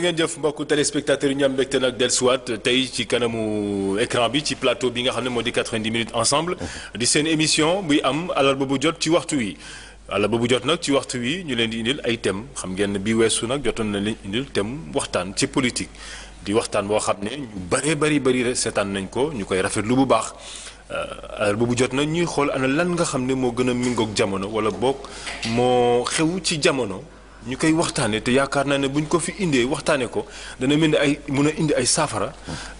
jërë ngeen jëf mbokku téléspectateurs yi ñu am mbégte nag dellusiwaat tey ci kanamu écran bi ci plateau bi nga xam ne moo di 90 minutes ensemble di seen émission buy am alal boobu jot ci waxtu wi àllarba boobu jot nag ci waxtu wi ñu leen di indil ay thèmes xam ngeen bi weesu nag jotoon na leen indil thème waxtaan ci politique di waxtaan boo xam ne ñu bëree bëri bëri seetaan nañ ko ñu koy rafet lu bu baax euh, alors boobu jot na ñuy xool ana lan nga xam ne moo gën a mingoog jamono wala bokk moo xew ci jamono ñu koy waxtaanee te yaakaar naa ne bu ñu ko fi indee waxtaanee ko dana mel ni ay mun a indi ay saafara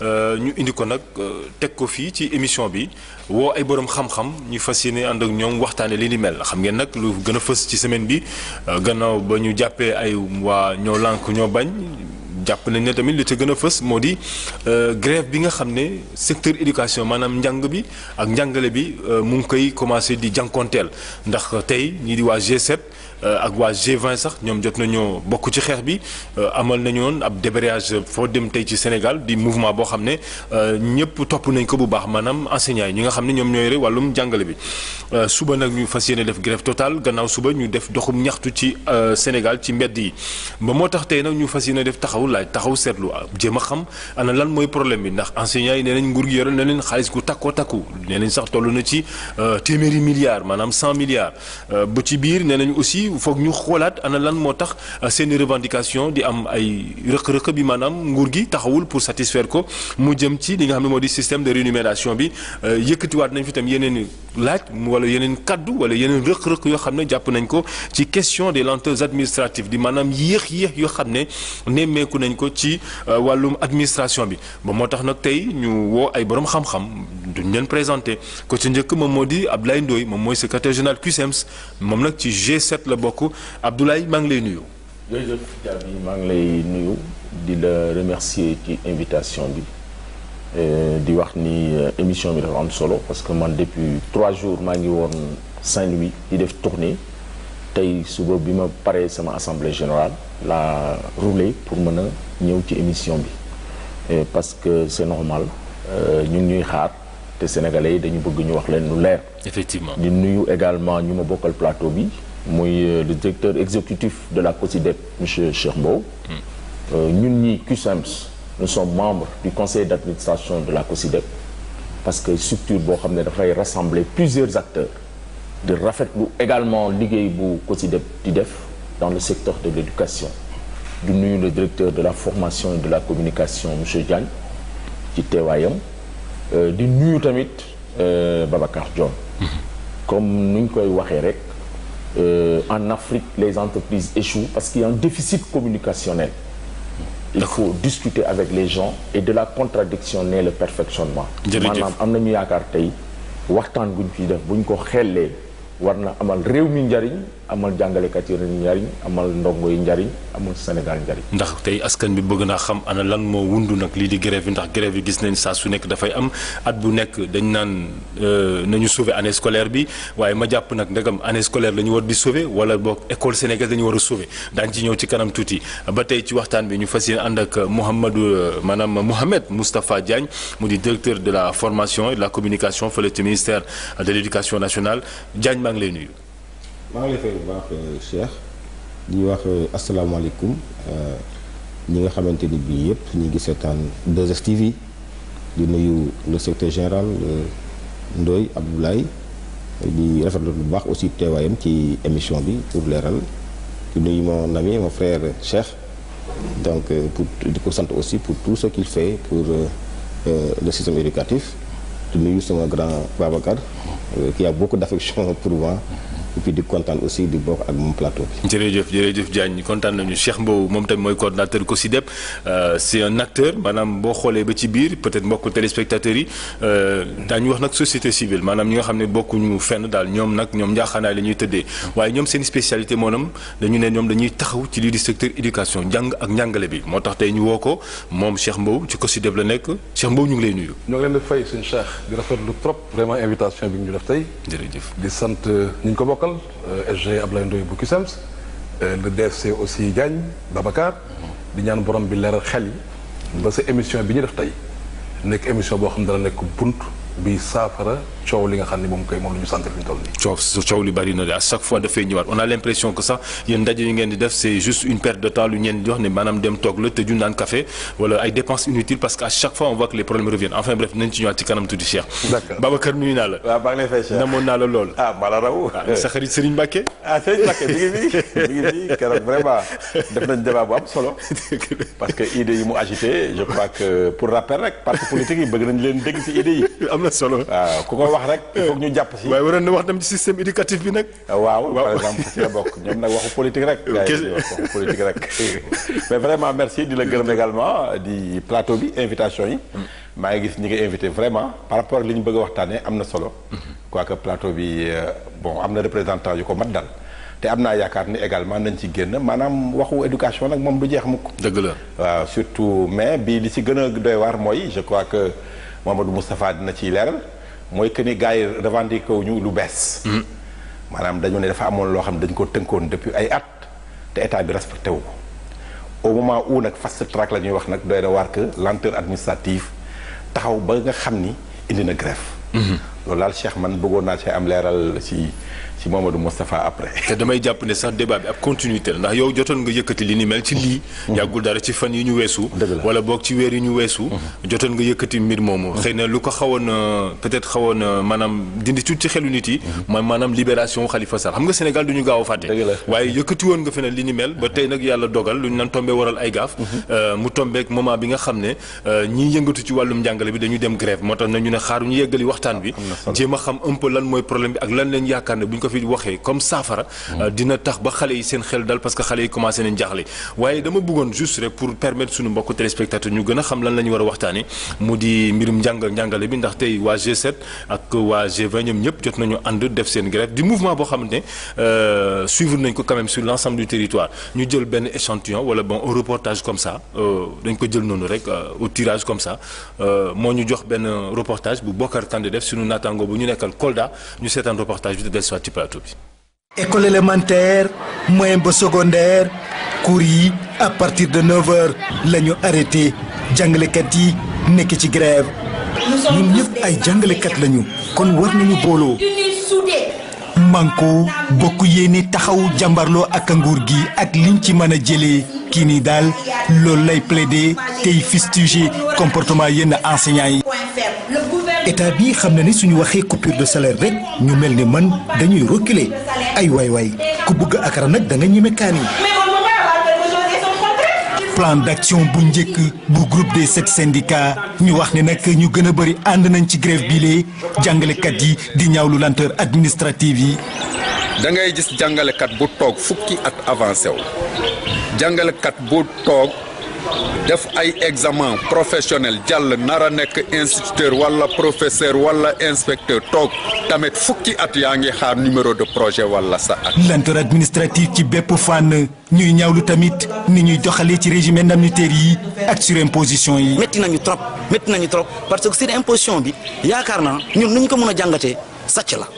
euh, ñu indi ko nag euh, teg ko fii ci émission bi woo ay borom xam-xam ñu fas yéene ànd ak ñoom waxtaanee li ni mel xam ngeen nag lu gën a fës ci semaine bi euh, gannaaw ba ñu jàppee ay waa ñoo lànk ñoo bañ. jàpp nañ ne tamit li ci gën a fës moo di grève bi nga xam ne secteur éducation maanaam njàng bi ak njàngale bi mu ngi koy commencé di jànkonteel ndax tey ñii di waa G7. Euh, ak waa G20 sax ñoom jot nañoo bokk ci xeex bi euh, amal nañu woon ab débrayage foo dem tey ci Sénégal di mouvement boo xam ne euh, ñëpp topp nañ ko bu baax maanaam enseignants yi ñi nga xam ne ñoom ñooy rek wàllum jàngale bi suba nag ñu fas yéene def grève totale gannaaw suba ñu def doxum ñaxtu ci Sénégal ci mbedd yi ba moo tax tey nag ñu fas yéene def taxaw laaj taxaw seetlu ah, jéem a xam ana lan mooy problème bi ndax enseignants yi nee nañ nguur gi yore na leen xaalis gu takkoo takku nee nañ sax toll na ci téeméeri milliards maanaam cent milliards aussi foog ñu xoolaat ana lan moo tax euh, seen i revendication di am ay rëq-rëq bi maanaam nguur gi taxawul pour satisfaire ko mu jëm ci li nga xam ne moo di système de rémunération bi euh, yëkkatiwaat nañ fi tam yeneen laaj wala yeneen kàddu wala yeneen rëq-rëq yoo xam ne jàpp nañ ko ci question des lenteurs administratives di maanaam yéex yéex yoo xam ne nemmeeku nañ ko ci euh, wàllum administration bi ba moo tax nag tey ñu woo ay borom xam-xam duñ leen présenté ko ci njëkk moom di Abdoulaye Ndoye moom mooy secrétaire général CUSEMS moom nag ci G7 bokk Abdoulaye maa ngi lay nuyu. jërëjëf Diaby maa ngi lay nuyu di la remercier ci invitation bi euh, di wax ni euh, émission bi dafa am solo parce que man depuis trois jours maa ngi woon Saint-Louis di def tournée tey suba bi ma paree sama assemblée générale la roulé pour mën a ñëw ci émission bi euh, parce que c'est normal ñu ngi ñuy xaar. te sénégalais yi dañu bëgg ñu wax leen lu leer. effectivement di nuyu également ñu ma bokkal plateau bi mooy euh, le directeur exécutif de la COSIDEP monsieur Cheikh Mbow hmm. euh, ñun ñi CUSEMS nous sommes membres du conseil d'administration de la COSIDEP parce que structure boo xam ne dafay rassembler plusieurs acteurs rafet rafetlu également liggéey bu COSIDEP di def dans le secteur de l'éducation du nuyu le directeur de la formation et de la communication monsieur Diagne ci teewaayam euh, di nuyu tamit Babacar Dione hmm. comme nuñ koy waxee rek euh, en Afrique, les entreprises échouent parce qu'il y a un déficit communicationnel. il faut discuter avec les gens et de la contradiction naît le perfectionnement maanaam am nañu yaakaar tey waxtaan buñ fi def buñ ko xellee war na amal réew mi njariñ amal jàngalekat yi njariñ amal ndongo yi njariñ amal Sénégal njariñ ndax tey askan bi bëgg naa xam ana lan moo wundu nag lii di grève bi ndax grève bi gis nañ saa su nekk dafay am at bu nekk dañ naan euh, nañu sauver anne scolaire bi waaye ma jàpp nag ndegam année scolaire la ñu war di sauver wala boo école sénégalaise dañu war a sauver daañ ci ñëw ci kanam tuuti ba tey ci waxtaan bi ñu fas yéen ànd ak Mouhamadou euh, maanaam Mouhamed Moustapha Diagne mu di directeur de la formation la communication fële ci ministère de l'éducation nationale Diagne lay nuyu maa ngi lay fay bu baax Cheikh di wax euh, asalaamaaleykum euh, ñi nga xamante ni bii yëpp ñu ngi seetaan 2STV di nuyu le secteur général euh, Ndoye Abdoulaye di rafetlu bu baax aussi teewaayam ci émission bi pour leeral di nuyu mon ami mon frère Cheikh donc pour di ko sant aussi pour tout ce qu'il fait pour le système éducatif di nuyu sama grand Babacar qui a beaucoup d'affection pour moi et puis di kontaan aussi di bokk ak moom plateau bi. jërëjëf jërëjëf Diagne kontaan euh, boo xoolee ba ci biir peut-être mbokku téléspectateurs yi euh, daañu wax nag société civile maanaam ñi nga xam ne bokkuñu fenn daal ñoom nag ñoom njaaxaanaay la ñuy tëddee waaye ñoom seen spécialité moonam dañu ne ñoom dañuy taxaw ci lii di secteur éducation jàng ak njàngale bi moo tax tey ñu woo ko moom Cheikh Mbow ci COSYDEP la nekk Cheikh Mbow ñu ngi lay nuyu. ñoo ngi leen di fay suñu Cheikh di rafetlu bi ñu def Bokkal euh, SG Ablaye Ndoye bu CUSEMS euh, le DFC aussi Diagne Babacar di ñaan borom bi leeral xel yi ba sa émission bi ñu def tey nekk émission boo xam ne dana nekk bunt bi saafara coow li nga xam ne moom moom la ñu sant fi ñu toll nii. coow coow li bari na de à chaque fois dafay ñëwaat on a l' impression sax yéen ndaje yu ngeen di def c' juste une perte de temps lu ñeen di wax ne maanaam dem toog la te ju naan café wala ay dépenses inutiles parce que à chaque fois on voit que les problèmes reviennent enfin bref nañ ci ñëwaat ci kanam tuuti Cheikh. d' accord Babacar naa la. na fay naa la lool. ah maa la raw. Ah, sa xarit Serigne Mbacke. Ah, wax ñu jàpp si. waaye waroon na wax dem ci système éducatif bi nag. Ah, waaw par exemple ci la bokk ñoom nag waxu politique rek. gars yi wax waxu politique rek. mais vraiment merci di la gërëm également di plateau bi invitation yi. maa ngi gis ñi nga invité vraiment par li ñu bëgg waxtaanee am na solo. quoique plateau bi euh, bon am na représentant yu ko mat dal. te am naa yaakaar ni également nañ ci génn maanaam waxu éducation nag moom du jeex mukk dëgg la waaw surtout mais bi li ci gën a doy waar mooy je crois que Mamadou Moustapha dina ciy leeral. mooy que ni gars yi revendiqué wu ñu lu bees. Hmm. maanaam dañu ne dafa amoon loo xam ne dañu ko tënkoon depuis ay at te état bi respecté wu ko au moment où nag fast track la ñuy wax nag doy na waar que lenteur taxaw ba nga xam ni indi na grève. Hmm. loolu daal Cheikh man bëggoon naa cee am leeral ci. ci Mamadou Moustapha après. te damay jàpp ne sax débat bi ab continuité la ndax yow jotoon nga yëkkati li ni mel ci lii. Mm-hmm. yàggul dara ci fan yi ñu weesu. wala boog ci weer yi ñu weesu. Mm-hmm. jotoon nga yëkkati mbir moomu. Mm-hmm. xëy na lu ko xawoon euh, peut-être xawoon euh, maanaam dindi tuuti ci xelu nit yi. mooy maanaam libération Khalifa Sall xam nga Sénégal du ñu gaaw a fàtte. waaye yëkkati woon nga fi ne li ni mel. ba tey nag yàlla dogal lu ñu naan tombé waral ay gaaf. Euh, mu tombeek moment bi nga xam ne ñiy yëngatu ci wàllum njàngale bi dañu dem grève moo tax na ñu ne xaaruñu waxtaan bi jéem a xam un fi waxee comme saafara. Euh, dina tax ba xale yi seen xel dal parce que xale yi commencé nañ jaaxle waaye dama bëggoon juste rek pour permettre suñu mbokku téléspectateur ñu gën a xam lan la ñu war a mu di mbirum njàng njàngale bi ndax tey waa G7 ak waa G20 ñoom ñëpp jot nañu and def seen grève di mouvement boo xamante ne euh, suivre nañ ko quand même sur l' ensemble du territoire ñu jël benn échantillon wala bon un reportage comme sa euh, dañ ko jël noonu rek au tirage comme ça moo ñu jox benn reportage bu Bokar Kande def suñu naataango bu ñu nekkal Kolda ñu seetaan reportage baatu école élémentaire moyen ba secondaire cours yi à partir de 9h la ñu arrêté jàngalekat yi nekk ci grève ñun ñëpp ay jàngalekat lañu kon war nañu booloo. manko bokk yéene taxaw jàmbarloo ak nguur gi ak liñ ci mën a jëlee kii nii daal loolu lay plaider tey fustiger comportement yenn enseignants yi. état bii xam na ni suñu waxee coupure de salaire rek ñu mel ni man dañuy reculer ay waay waay ku bëgg akara nag danga nga ñeme kaan plan d'action bu njëkk bu groupe des sept syndicats ñu wax ni nag ñu gën a bëri ànd nañ ci grève biile jàngalekat yi di ñaawlu lenteur administrative yi. dangay gis jàngalekat bu toog fukki at avancé wu jàngalekat bu toog. def ay examen professionnel jàll nar nekk instituteur wala professeur wala inspecteur toog tamit fukki at yaa ngi xaar numéro de projet wala sa at. lenteur administrative ci bépp fànn ñuy ñaawlu tamit ni ñuy doxalee ci régime indemnitaire yi ak surimposition yi. métti nañu trop métti nañu trop parce que surimposition bi yaakaar naa ñun nu ñu ko mën a jàngatee sacc la.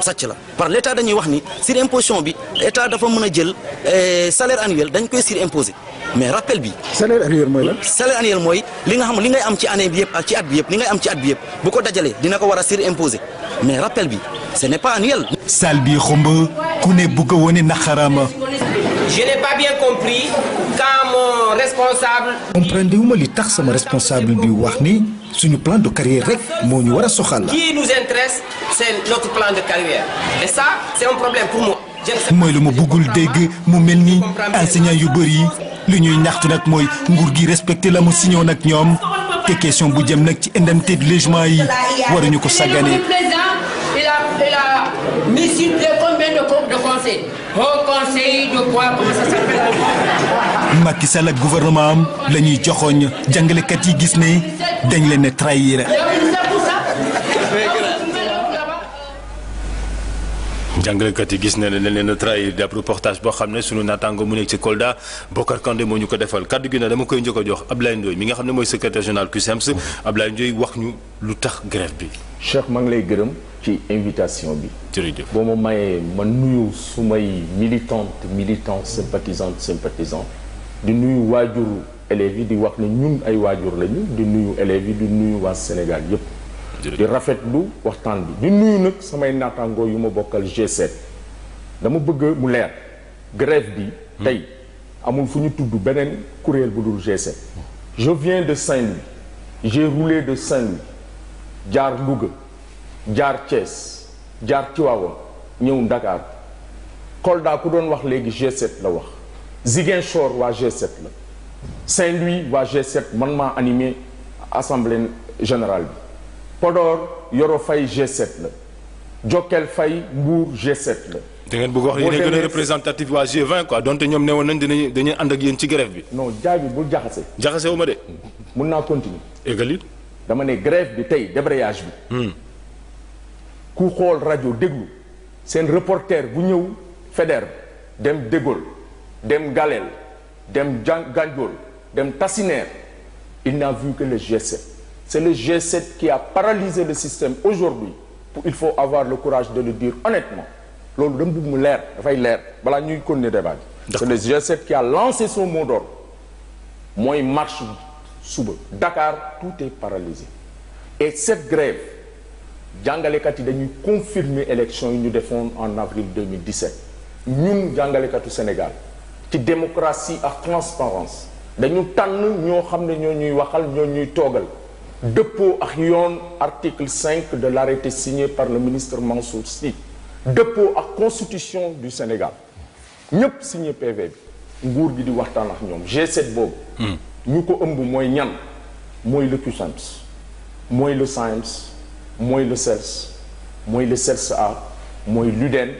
sàcc la par l' état dañuy wax ni sur imposition bi état dafa mën a jël eh, salaire annuel dañ koy sur imposé mais rappel bi. salaire annuel mooy lan. salaire annuel mooy li nga xam li ngay am ci année bi yëpp ak ci at bi yëpp li ngay am ci at bi yëpp bu ko dajalee dina ko war a sur imposé mais rappel bi ce n' est pas annuel. salle bi xumb ku ne bugg a wane naxaraama. je n'ai pas bien compris quand mon responsable. comprendre wu ma li tax sama responsable bi wax ni suñu plan de carrière rek moo ñu war a soxal. qui nous intéresse c'est mooy lu ma bëggul dégg mu mel ni enseignant yu bëri li ñuy ñaxtu nag mooy nguur gi respecté la mu signé nag ñoom te question bu jëm nag ci indemnité de logement yi waruñu ko sàggane. Macky Sall ak gouvernement am la ñuy joxoñ jàngalekat yi gis ne dañ leen a trahir. jàngalekat yi gis na ne dañ leen a di ab reportage boo xam ne sunu naataango mu nekk ci Kolda Bokar Kandé moo ñu ko defal kaddu gi na dama koy njëkk a jox Ablaye Ndoye mi nga xam ne mooy wax ñu lu tax grève bi. Cheikh maa ngi lay gërëm ci invitation bi. jërëjëf boo ma mayee ma nuyu sumay militante militant sympathisante sympathisant di nuyu waajuru élèves yi di wax ne ñun ay waajur lañu di nuyu élèves yi di nuyu waa Sénégal yëpp. di rafetlu waxtaan bi di nuyu nag samay naataangoo yu ma bokkal G7 dama bëgg mu leer grève bi tey amul fu ñu tudd beneen kuréel bu dul G7 je de Saint-Louis j'ai roulé de Saint-Louis jaar Louga jaar Thiès jaar Tivaouane ñëw Dakar Kolda ku doon wax léegi G7 la wax Ziguinchor waa G7 la Saint-Louis waa G7 man maa animé assemblée générale bi Podor Yoro Fay G7 la Jokkel Fay Mbour G7 la. da ngeen bëgg wax yéen a gën a représentatif waa G20 quoi donte ñoom ne woon nañ dañuy ànd ak yéen ci grève bi. non jaay bi bul jaxasee jaxase wu ma de. mun naa continuer. égalit. dama ne grève bi tey débrayage bi. Hmm. ku xool rajo déglu seen reporter bu ñëw Faidherbe dem De dem Galel dem Gandiol dem Tassinère il n'a vu que le C'est le G7 qui a paralysé le système aujourd'hui. Il faut avoir le courage de le dire honnêtement. loolu dama bëgg mu leer dafay leer balaa ñuy continuer débat bi. c'est le G7 qui a lancé son mot d'ordre mooy marche suba. Dakar tout est paralysé et cette grève jàngalekat yi dañuy confirmer élection yi ñu defoon en avril 2017 ñun jàngalekatu Sénégal ci démocratie a transparence dañu tànn ñoo xam ne ñoo ñuy waxal ñoo ñuy toogal. dëppoo ak yoon article 5 de l'arrêté signé par le ministre Mansour Sy dëppoo ak constitution du Sénégal ñëpp signé PV nguur gi di waxtaan ak ñoom G7 boobu hmm. ñu ko ëmb mooy ñan mooy le CUSEMS e mooy le SAEMS mooy le CELS e mooy le CELS-A mooy l'UDEN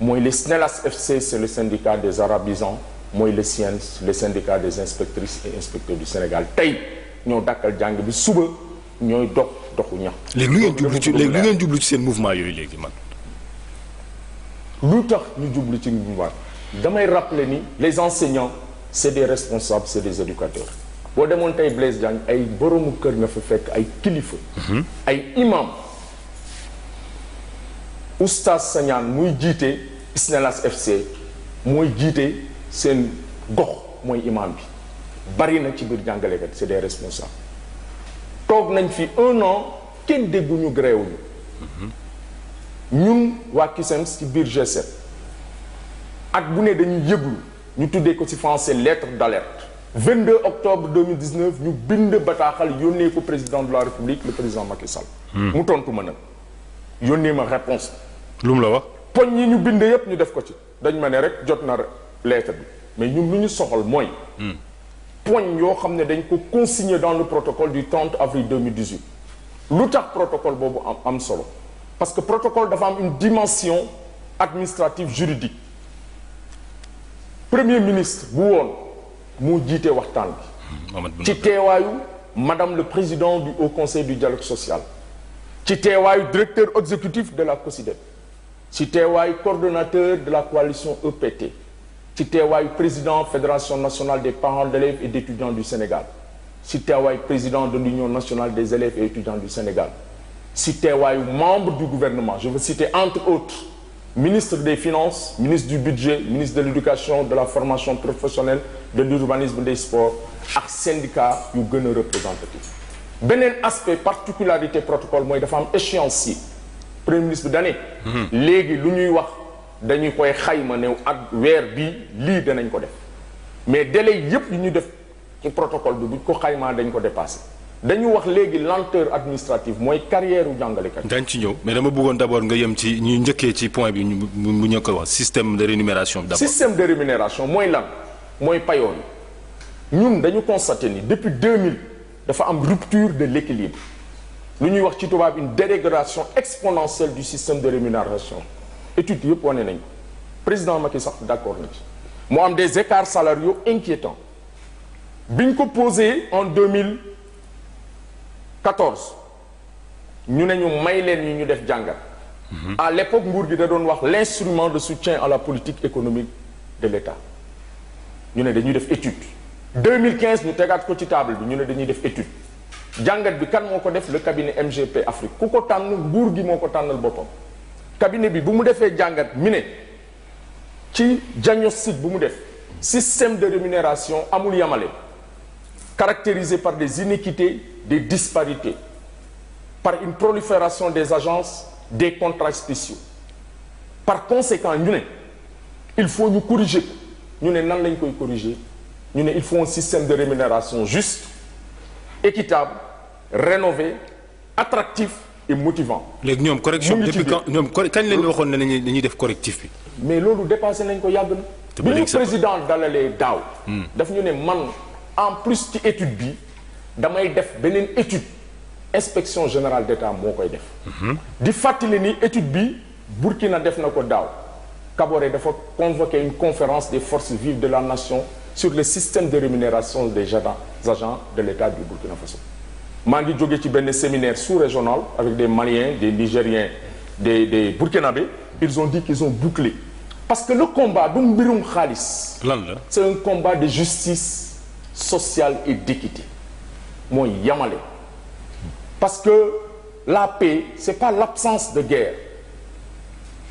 mooy le SNELAS FC c'est le syndicat des arabisans mooy le SIENS le syndicat des inspectrices et inspecteurs du Sénégal tey ñoo dàkkal jàng bi suba ñooy dox doxu ñax. léegi lu ngeen jublu ci léegi lu ngeen jublu ci seen mouvement yooyu léegi man. lu tax ñu jublu ci mouvement damay rappeler ni les enseignants c'est des responsables c'est des éducateurs boo demoon tay Blaise Diagne ay boroomu kër nga fa fekk ay kilifa. Mhm. ay imam oustaz Sagnane muy jiite Isnelas FC mooy jiite seen gox mooy imam bi. bari na ci biir jàngalekat c'est des responsables toog nañ fi un an kenn dégguñu gréewuñu ñun waa CUSEMS ci biir G7 at bu ne dañuy yëglu ñu tuddee ko ci français lettre d'alerte 22 octobre 2019 ñu bind bataaxal yónnee ko président de la république le président Macky Sall. Hmm. mu tontu ma nag yónnee ma réponse lu mu la wax poñ yi ñu bind yépp ñu def ko ci dañ ma ne rek jot na lettre bi mais ñun lu ñu soxal mooy hmm. poñ yoo xam ne dañ ko consigné dans le protocole du 30 avril 2018 lu tax protocole boobu am am solo parce que protocole dafa am une dimension administrative juridique premier ministre bu woon moo jiite waxtaan bi ci teewaayu madame le président du haut conseil du dialogue social ci teewaayu directeur exécutif de la COSIDEP ci teewaayu coordonnateur de la coalition EPT ci teewaayu président fédération nationale des parents d'élèves et d'étudiants du Sénégal ci teewaayu président de l'union nationale des élèves et étudiants du Sénégal ci teewaayu membre du gouvernement je veux citer entre autres ministre des finances ministre du budget ministre de l'éducation de la formation professionnelle de l'urbanisme des sports ak syndicat yu gën a représentatif beneen aspect particularité protocole mooy dafa am échéance si premier ministre bi mhm. léegi lu ñuy wax dañu koy xayma new ak weer bii lii danañ ko def mais délai yépp yu ñu def ci protocole bi buñ ko xaymaa dañ ko dépassé dañu wax léegi lenteur administrative mooy carrière u jàngalekat dañ ci ñëw mais dama bëggoon d'abord nga yem ci ñu njëkkee ci point bi mu ñu ko wax système de rémunération d'abord système de rémunération mooy lan mooy payoon ñun dañu constaté ni depuis 2000 dafa am rupture de l'équilibre lu ñuy wax ci tubaab une dérégulation exponentielle du système de rémunération études yëpp wane nañ ko président Macky sax d'accord na ci mu am des écarts salariaux inquiétants biñ ko posé en 2014 ñu ne ñu may leen ñu ñu def jàngat. Mhm. à l'époque nguur gi da doon wax l'instrument de soutien à la politique économique de l'État ñu ne dañuy def étude 2015 ñu tegaat ko ci table bi ñu ne dañuy def étude jàngat bi kan moo ko def la cabinet MGP Afrique ku ko tànn nguur gi moo ko tànnal boppam cabinet bi bu mu defee jàngat mi ne ci diagnostic bu mu def système de rémunération amul yamale caractérisé par des iniquités des disparités par une prolifération des agences des contrats spéciaux par conséquent ñu ne il faut ñu corriger ñu ne nan lañ koy corriger ñu ne il faut un système de rémunération juste équitable rénové attractif et motivant. léegi ñoom correction depuis quand ñoom kañ lañ waxoon ne dañuy dañuy def correctif bi. mais loolu dépassé nañ ko yàgg na. te bi ñu président dalalee daaw. Hmm. dafa ñu ne man en plus ci étude bi damay def beneen étude inspection générale d'État moo koy def. Hmm. di fàttali ni étude bi Burkina def na ko daaw Kaboré dafa convoquer une conférence des force vives de la nation su le système de rémunération des agents de l'État du Burkina Faso. maa ngi jóge ci benn séminaire sous-régional avec des Maliens des Nigériens des des Burkinabés ils ont dit qu'ils ont bouclé parce que le combat du mbirum xaalis. lan la c'est un combat de justice sociale et d'équité mooy yamale parce que la paix c'est pas l'absence de guerre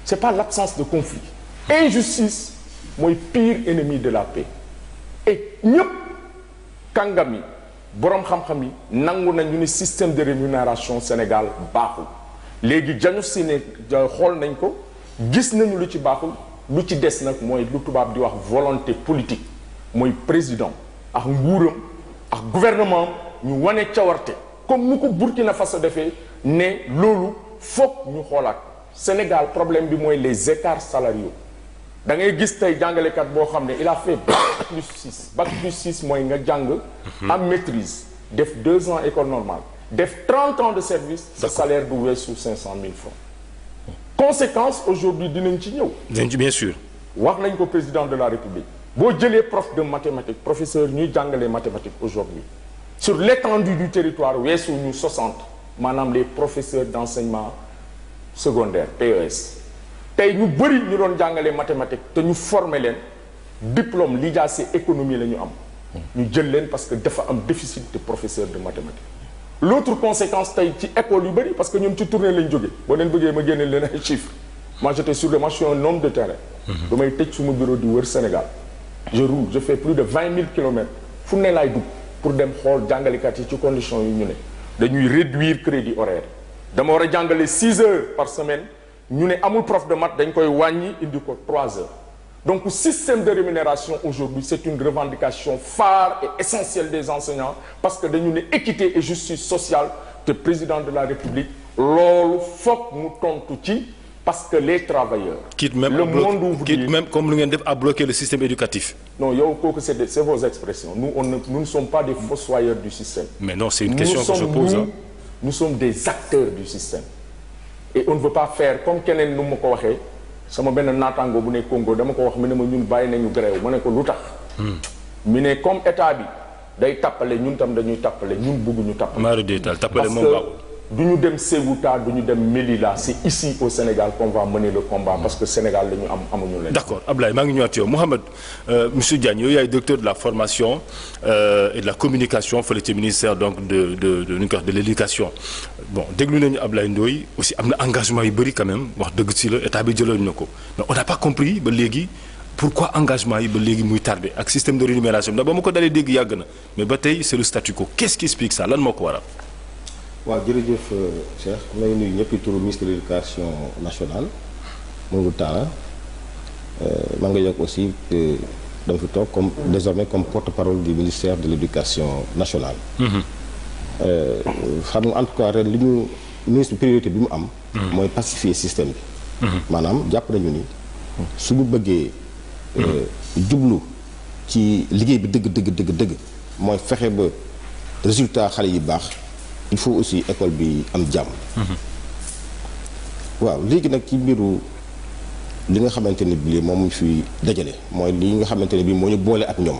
c'est pas l'absence de conflit injustice mooy pire ennemi de la paix et ñëpp kàngam boroom xam-xam yi nangu ñu ni système de rémunération Sénégal baaxul léegi janu si ne xool nañ ko gis nañu lu ci baaxul lu ci des nag mooy lu tubaab di wax volonté politique mooy président ak nguuram ak gouvernement ñu wane cawarte comme mu ko Burkina Faso defee ne loolu foog ñu xoolaat Sénégal problème bi mooy les écarts salario da ngay gis tey jàngalekat boo xam ne il a fait bac plus 6 bac plus 6 mooy nga jàng. am maîtrise def deux ans école normale def 30 ans de service. sa salaire du weesu 500 000 francs. conséquence aujourd'hui dinañ ci ñëw. dinañ ci bien wax nañ ko président de la république boo jëlee prof de mathématiques professeur ñuy jàngalee mathématiques aujourd'hui sur l'étendue du territoire weesu ñu 60 maanaam les professeurs d'enseignement secondaire PES. tey ñu bëri ñu doon jàngale mathématique te ñu former leen diplôme lijaase économie la ñu am ñu jël leen parce que dafa am déficit de professeur de mathématique l'autre conséquence tey ci école yu bëri parce que ñun ci tournée lañu jóge boo leen bëggee ma génne leen ay chiffres moi j'étais sur le marché je suis un homme de terrain damay mhm. tëj suma bureau di wër Sénégal je roule je plus de vingt mille kilomètres fu ne laay dugg pour dem xool jàngalekat yi ci condition yu ñu ne dañuy réduire crédit horaire dama war a jàngale six heures par semaine ñu ne amul prof de maths dañ koy wàññi indi ko trois heures donc système de rémunération aujourd'hui c'est une revendication phare et essentielle des enseignants parce que dañu ne équité et justice sociale te président de la République loolu foog mu tontu ci parce que les travailleurs. quitte même le monde ouvrier quitte même comme lu ngeen def à bloquer le système éducatif. non yow kooku c'est c'est vos expressions nous ne sommes pas des fossoyeurs du système. mais non c'est une question et on ne pas faire comme keneen nu ma ko waxee sama benn naataango bu ne Congo dama ko wax mu ne ma ñun bàyyi nañu grève ma ne ko lu tax. Hmm. mu ne comme état bi day tappale ñun tam dañuy tappale ñun bëgguñu tappale. maa reetal tappale moom baaxul du ñu dem Ségouta du ñu dem Melilla c'est ici au Sénégal qu'on va mener le combat parce que Sénégal la ñu am amuñu leen. d'accord Ablaye maa ngi ñëwaat yow Mouhamed euh, monsieur Diagne yow yaay directeur de la formation euh, et la communication fële ci ministère donc de de de nu ñu koy wax de l'éducation bon déglu nañu Ablaye Ndoye aussi am na engagement yu bëri quand wax dëgg si la état bi jëloon na ko mais on n'a pas compris ba léegi. pourquoi engagement yi ba léegi muy tardé ak système de rémunération ndax ba ma ko yàgg na mais ba tey c'est le statu quo qu'est-ce moo ko waral. waaw jërëjëf euh, Cheikh may nuyu ñëpp turu ministre de l'éducation nationale Mamadou Talla euh, maa ngi yokk aussi dama fi toog comme désormais comme porte-parole di ministère de l'éducation nationale mm-hmm. euh, xam nga en tout cas ren li ñu ministre priorité bi mu am mm-hmm. mooy pacifier système bi mm-hmm. maanaam jàpp nañu ni suñu bëggee jublu ci liggéey bi dëgg dëgg dëgg dëgg mooy fexe ba résultat xale yi baax il faut aussi école bi am jàmm. Mm-hmm. waaw léegi nag ci mbiru li nga xamante ne bii moom mu fi dajale mooy li nga xamante ne bii moo ñu boole ak ñoom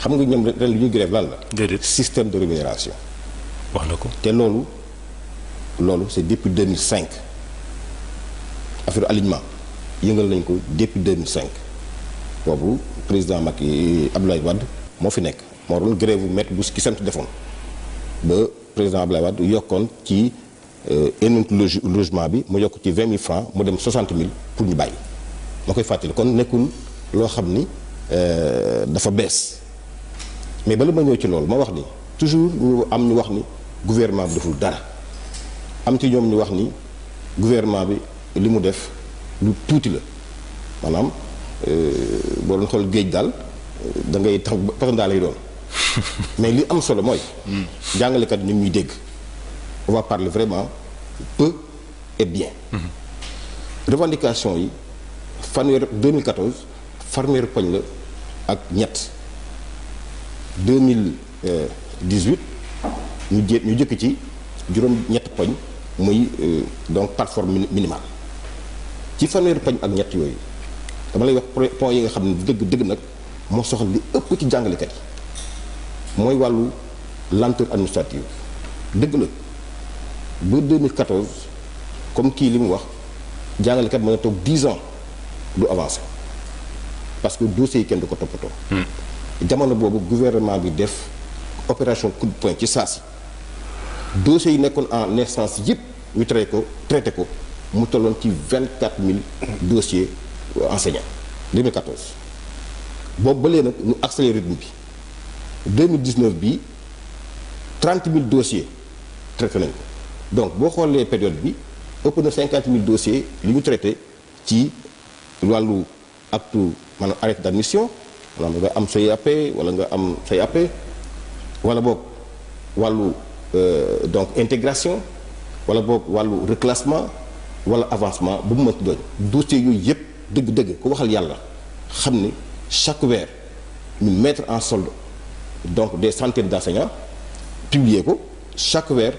xam nga ñoom ren li ñu grève lan la. déedéet système de rémunération. wax na ko te loolu loolu c'est depuis 2005 affaire alignement yëngal nañ ko depuis 2005 boobu président Macky Abdoulaye Wade moo fi nekk moo doon grève bu métti bu ki sant defoon président Abdoulaye Wade yokkoon ci euh, énun logement bi mu yokk ci 20 000 francs mu dem 60 000 pour ñu bàyyi ma koy fàttali kon nekkul loo xam ni euh, dafa bees mais bala ma ñëw ci loolu ma wax ni toujours ñu am ñu wax ni gouvernement bi deful dara am ci ñoom ñu wax ni gouvernement bi li mu def lu tuuti la maanaam euh, boo doon xool géej daal da ngay tax patandaa lay doon mais li am solo mooy. jàngalekat yi ñu ñuy dégg on va parler vraiment peu et bien. revendication yi fanweer 2014 fanweer poñ la ak ñett 2018 ñu jé ñu jëkk ci juróom ñett poñ muy euh, donc plateforme minimale ci fanweer poñ ak ñett yooyu dama lay wax point yi nga xam ne dëgg dëgg nag moo soxal li ëpp ci jàngalekat yi. mooy wàllu lenteur administrative dëgg la ba 2014 comme kii li mu wax jàngalekat mën na toog 10 ans du avancé parce que dossiers yi kenn du ko toppatoo. Hmm. jamono boobu gouvernement bi def opération coup de ci saa si dossiers yi nekkoon en naissance yëpp ñu traité ko traité ko mu tolloon ci 24 000 dossiers euh, enseignants 2014 boobu ba léegi nag ñu accéléré rythme bi. 2019 bi trent mille dossiers traité nañ ko donc boo xoolee période bi ëpp na 50 000 dossiers li ñu traité ci wàllu man a arrêté d'admission maanaam nga am say AP wala nga am say AP wala boog wàllu euh, donc intégration wala boog wàllu reclassement wala avancement bu mu mënti doon dossiers yooyu yëpp dëgg-dëgg ku waxal yàlla xam ni chaque weer ñu mettre en solde donc des centaines d'enseignants publier ko chaque weer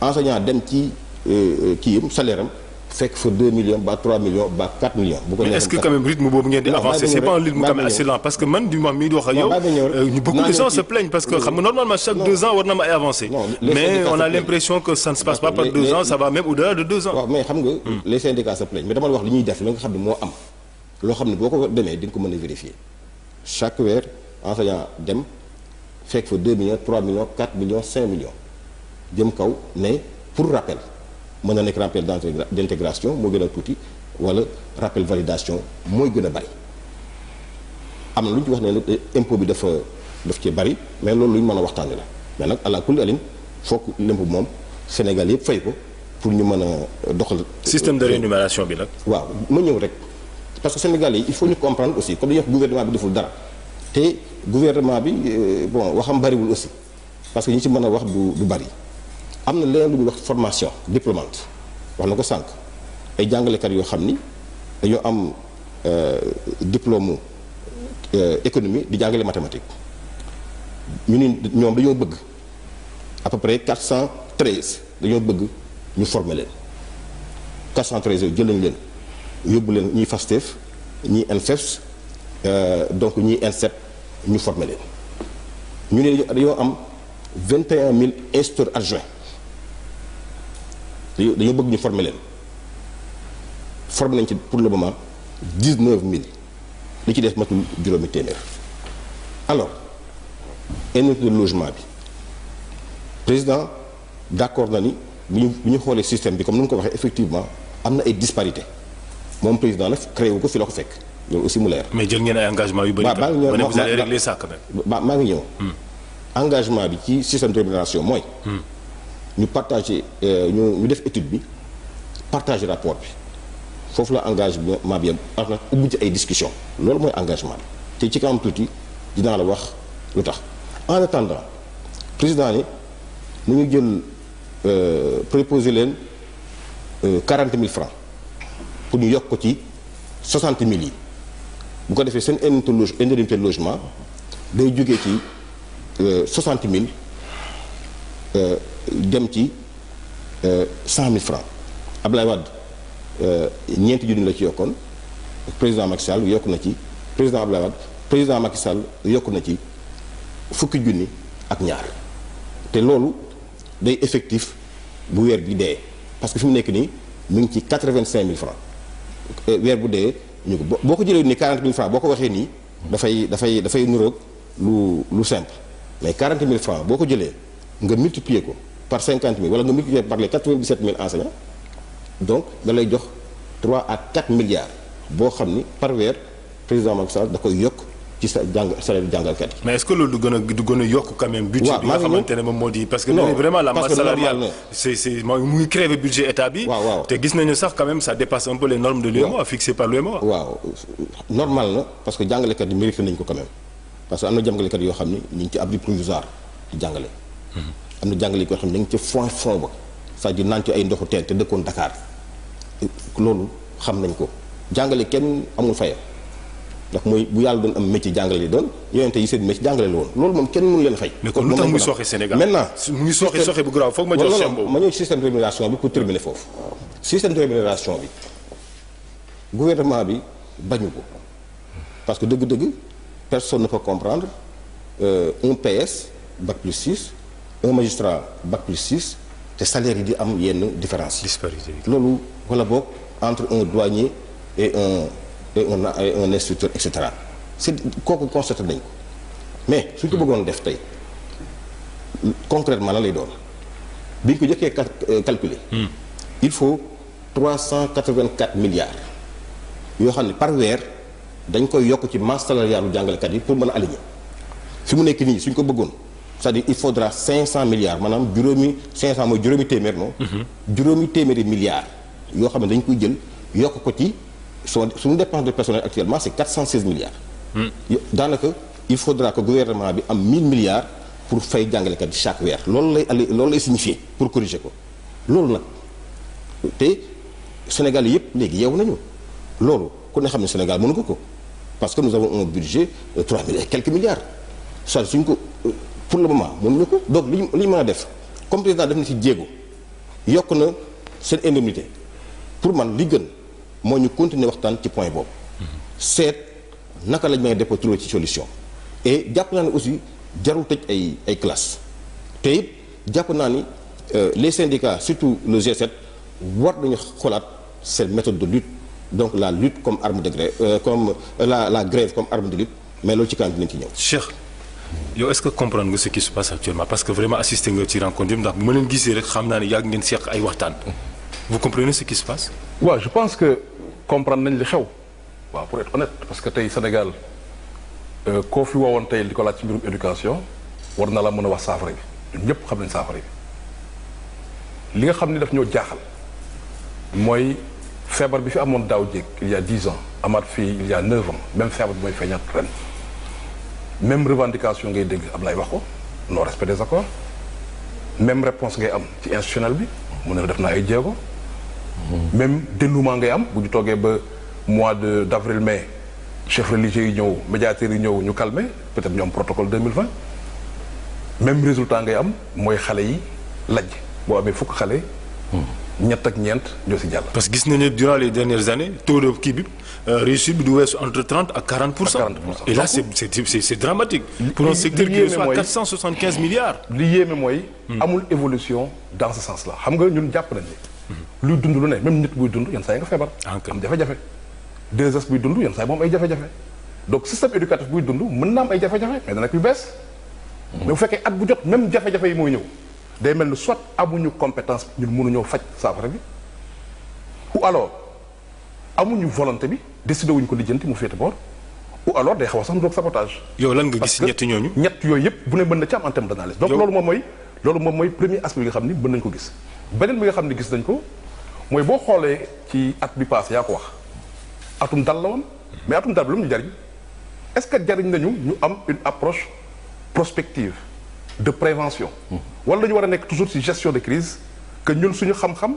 enseignant dem ci euh, kii am salaire am fekk fa 2 millions ba 3 millions ba 4 millions. bu ko mais est-ce que quand même rythme boobu ngeen di avancer c'est pas un rythme quand même assez lent parce que man du ma mii di wax ak yow. Euh, ñu beaucoup de gens se plaignent parce que xam nga normalement chaque 2 ans war na ma ay avancer. mais on a l'impression que ça ne se passe pas par 2 ans ça va même au-delà de 2 ans. waaw mais xam nga. Hmm. les syndicats se plaignent mais dama la wax li ñuy def la nga xam ne moo am loo xam ne boo ko demee di nga ko mën a vérifier chaque weer enseignant dem. fekk fa 2 millions 3 millions jëm kaw ne pour rappel mën a nekk rappel d' intégration moo gën a tuuti wala rappel validation mooy gën a bari am na lu ñu ci wax ne eh, impôt bi dafa daf ci bari mais loolu lu ñu mën a waxtaane la mais nag àla kulli alin foog l'impôt moom Sénégal yëpp fay ko pour ñu mën a eh, doxal. Eh, système de rémunération bi nag. waaw ma ñëw rek parce que Sénégal yi il faut ñu comprendre aussi comme dañuy wax gouvernement bi deful dara te. gouvernement bi euh, bon waxam bariwul aussi parce que ñu si mën a wax du du bari am na leneen lu ñuy wax formation diplômante wax na ko sànq ay jàngalekat yoo xam ni dañoo am euh, diplôme euh, économie di jàngale mathématique ñu ni ñoom dañoo bëgg à peu près 413 dañoo bëgg ñu former leen 413 yooyu jël nañu leen yóbbu leen ñuy FASTEF ñuy NFEPS donc ñuy INSEP ñu formé leen ñu ne dañoo am vingt 21000 inspecteurs adjoints dañoo dañoo bëgg ñu formé leen formé nañ ci pour le moment mille li ci des matul juróomi téeméer alors indemnité de logement bi président d'accord na ni bu ñu bu ñu xoolee système bi comme ni mu ko waxee effectivement am na ay disparités moom président la créé wu ko fi la ko fekk. loolu aussi mu leer. mais jël ngeen ay engagement yu bëri. maa maa ngi ñëw. Hmm. engagement bi ci système de rémunération mooy. Hmm. ñu partager euh, ñu def étude bi partager rapport bi foofu la engagement bi yam ak nag ci ay discussion loolu mooy engagement bi te ci kanam tuuti dinaa la wax lu tax en attendant président ni mu ngi jël euh, préposé leen euh, quarante mille francs pour ñu yokk ko ci soixante mille yi. bu ko defee seen indemnité logement day jógee ci 60 euh, 000 euh, dem ci 100 euh, 000 francs Ablaye Wade ñeenti junni la ci yokkoon président Macky Sall yokk na ci président Ablaye Wade président Macky Sall yokk na ci fukki junni ak ñaar te loolu day effectif bu weer bi dee parce que fi mu nekk nii mu ngi ci 85 000 francs weer bu dee. ñu ko boo ko jëlee nii 40 000 francs boo ko waxee nii. dafay dafay dafay nuroog lu lu simple mais quarante mille francs boo ko jëlee nga multiplier ko par 50 000 wala nga multiplier par les 97 000 enseignants donc da lay jox 3 a 4 milliards boo xam ni par weer président Macky Sall da koy yokk. ci sa jàng salaire jàngalkat yi. mais est-ce que loolu du gën a yokk quand même. budget bi nga xamante ne moom moo di. parce que vraiment la masse salariale c'est c'est mooy mu ngi créer budget état bi. waaw waaw te gis nañu sax quand même dépasse un peu les normes de l'UEMOA fixées par l'UEMOA. waaw normal na parce que jàngalekat yi mérité nañu ko quand même parce que am na jàngalekat yoo xam ni ñu ngi ci abri provisoire di jàngale. Mhm. am na jàngalekat yoo xam ne ñu loolu xam nañ ko jàngale kenn amul fayam ndax mooy bu yàlla doon am métier jàngale li doon yonente yi seen métier jàngale la woon loolu moom kenn mënu leen xëy mais kon lu tax muy sooxe Sénégal maintenant mu ngi sooxe sooxe bu garaaw foog ma jox ma ñëw système de rémunération bi pour terminer foofu système de rémunération bi gouvernement bi bañu ko parce que dëgg-dëgg personne ne peut comprendre euh, un PS bac plus 6 un magistrat bac te salaire yi di am yenn différence. disparité loolu wala boog entre un douanier et un. et un et un instructeur et cetera c' est kooku constaté ko mais suñ ko bëggoon def tey concrètement lan lay doon bi ñu ko jëkkee euh, calculer hmm. il faut cent 384 milliards yoo xam ne par weer dañ koy yokk ci masse salariale jàngalekat yi pour mën a aligner fi mu nekk nii suñ ko bëggoon c'est-à-dire il faudra 500 milliards maanaam juróomi 500 mooy juróomi téeméer noonu. Hmm. juróomi téeméeri milliards yoo xam ne dañ koy jël yokk ko ci. son suñu dépense de personnel actuellement c' est 416 milliards. Hmm. daanaka il faudra que gouvernement bi am 1000 milliards pour fay jàngalekat bi chaque weer loolu lay allé loolu lay signifier pour corriger ko loolu nag te Sénégal yëpp léegi yeewu nañu loolu ku ne xam ne Sénégal mënu ko ko parce que nous avons un budget de 3 quelques milliards soit suñ ko euh, pour le moment mënuñu ko donc li li ñu mën a def comme président def na ci jéego yokk na seen indemnité pour man li gën. moo ñu continuer waxtaan ci point boobu. seet naka lañ may def pour trouver ci solution. et jàpp naa ne aussi jarul tëj ay ay classes te it naa ni euh, les syndicats surtout le G7 war nañu xoolaat seen méthode de lutte donc la lutte comme arme de grève euh, comme euh, la la grève comme arme de lutte mais loolu ci kanam dinañ ci ñëw. Cheikh yow est-ce que comprendre nga ce qui se passe actuellement parce que vraiment assisté nga ci rencontre ndax bu ma leen gisee rek xam naa ne yàgg ngeen seq ay waxtaan. vous comprenez ce qui comprendre nañ li xew waa pour être honnête parce que tey Sénégal euh, koo fi woowoon tey li ko laaj ci mbirum éducation war na la mën a wax saafara bi ñun ñëpp xam nañ saafara bi li nga xam ni daf ñoo jaaxal mooy feebar bi fi amoon daaw jéeg il y a dix ans amaat fii il y neuf ans même feebar bi mooy feeñaat ren même revendication ngay dégg Ablaye wax ko non respect des accords même réponse ngay am ci institutionnel bi mu ne def naa ay jéego. même dénouement ngay am bu ñu toogee ba mois de d' avril mai chef religieux yi ñëw médiateurs yi ñëw ñu calmé peut-être ñu am protocole 2020 même résultat ngay am mooy xale yi lajj boo amee fukk xale. ñett ak ñeent ñoo si jàll. parce que gis nañu ne durant les dernières années taux de kii bi euh, réussite bi du weesu entre 30 ak pour cent. et là c' est c' est dramatique. pour un secteur qui milliards. li yéeme mooy. Hmm. amul évolution dans ce sens la xam nga ñun jàpp nañu luy dund lu ne même nit buy dund yenn saa nga feebar ah, am jafe-jafe 2S buy dund yenn saa moom ay jafe-jafe donc système éducatif buy dund mën na am ay jafe-jafe mais dana nekk yu bees hmm. mais bu fekkee at bu jot même jafe-jafe yi mooy ñëw day mel ni soit amuñu compétence bi ñun mënuñoo faj saafara bi ou alors amuñu volonté bi décidé wuñ ko lijjanti mu féete boor ou alors day xaw a sax ndoog sabotage. yow lan nga gis ñett ñooñu ñett yooyu yëpp bu ne mën na ci am en terme d'analyse donc loolu moom mooy loolu moom mooy premier aspect bi nga xam ni mën nañ ko gis beneen bi nga xam ni gis nañ ko mooy boo xoolee ci at bi passé yaa ko wax atum dal la woon mais atum dal bi lu mu ñu jariñ est-ce que jariñ nañu ñu am une approche prospective de prévention wala dañu war a nekk toujours ci gestion de crise que ñun suñu xam-xam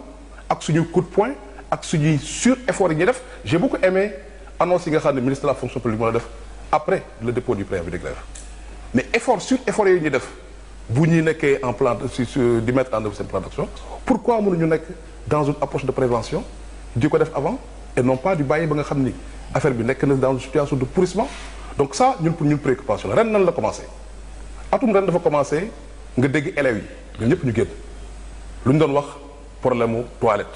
ak suñuy coup point poing ak suñuy sur effort yi ñuy def j'ai beaucoup aimé annonce yi nga xam ne ministre de la fonction publique moo la def après le dépôt du préavis de grève mais effort sur effort yooyu ñuy def bu ñuy nekkee en plan di mettre en œuvre seen plan d'action pourquoi mënuñu nekk dans une approche de prévention di ko def avant et non pas di bàyyi ba nga xam ni affaire bi nekk na dans une situation de pourrissement donc ça ñun pour ñu préoccupation ren nan la commencé atum ren dafa commencé nga dégg élèves yi ñun ñëpp ñu génn lu ñu doon wax problème mu toilette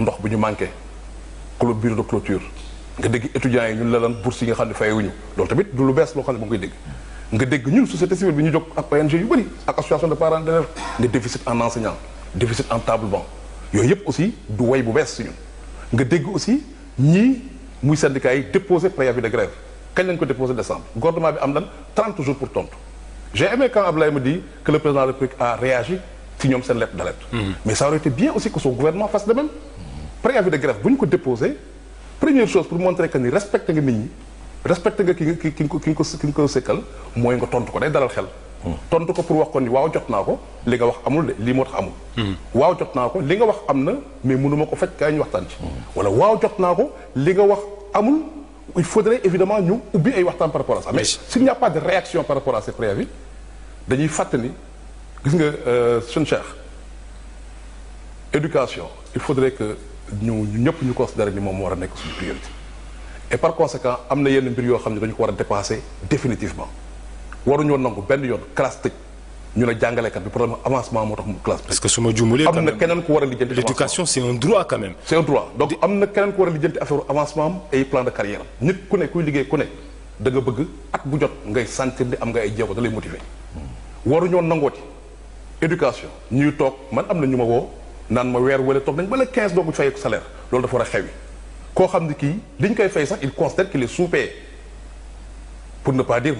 ndox bu ñu manqué clo bureau de clôture nga dégg étudiants yi ñun la lan bourse yi nga xam ne fayewuñu loolu tamit du lu bees loo xam ne mu ngi koy dégg nga dégg bi ñu jóg ONG yu ak de parents d'élèves ne déficit en enseignant déficit en table yooyu yëpp aussi du way bu bees suñu nga dégg aussi ñii muy syndicat yi déposé préavis de grève kañ lañ ko déposé décembre gouvernement bi am lan 30 jours pour tontu j'ai aimé quand Ablaye me dit que le président de la République a réagi ci ñoom seen lettre d'alerte mmh. mais ça aurait bien aussi que son gouvernement fasse de même préavis de grève bu ñu ko déposé première chose pour montrer que ni respecté nga nit ñi respecté nga ki nga ki nga ko ki nga ko sekkal mooy nga tontu ko day dalal xel tontu ko pour wax ko ni waaw jot naa ko li nga wax amul de lii moo tax amul hmm. waaw jot naa ko li nga wax am na mais mënuma ko faj kaay ñu waxtaan ci wala waaw jot naa ko li nga wax amul il faudrait évidemment ñu ubbi ay waxtaan par rapport à ça mais s'il n'y a pas de réaction par rapport à ces préavis dañuy fàttali gis nga euh, suñu Cheikh éducation il faudrait que ñu ñëpp ñu considérer ni moom moo war a nekk suñu priorité et par conséquent am na yenn mbir yoo xam ne dañu ko war a dépasser définitivement waruñoo nangu benn yoon classe tëj ñu ne jàngalekat bi problème avancement moo tax mu classe parce que su ma juumulee am na keneen a lijjanti l'éducation c'est un droit quand même. c'est un droit donc am na keneen ku war a lijjanti affaire avancement am ay plan de carrière am nit ku ne kuy liggéey ku ne da nga bëgg at bu jot ngay sentir ni am nga ay jéego da lay motiver. waruñoo nangooti éducation ñuy toog man am na ñu ma woo naan ma weer wala toog nañ ba le 15 doogu fay salaire loolu dafa war a xewi koo xam ne kii li koy fay sax il constate qu'il est sous-payé pour ne pas dire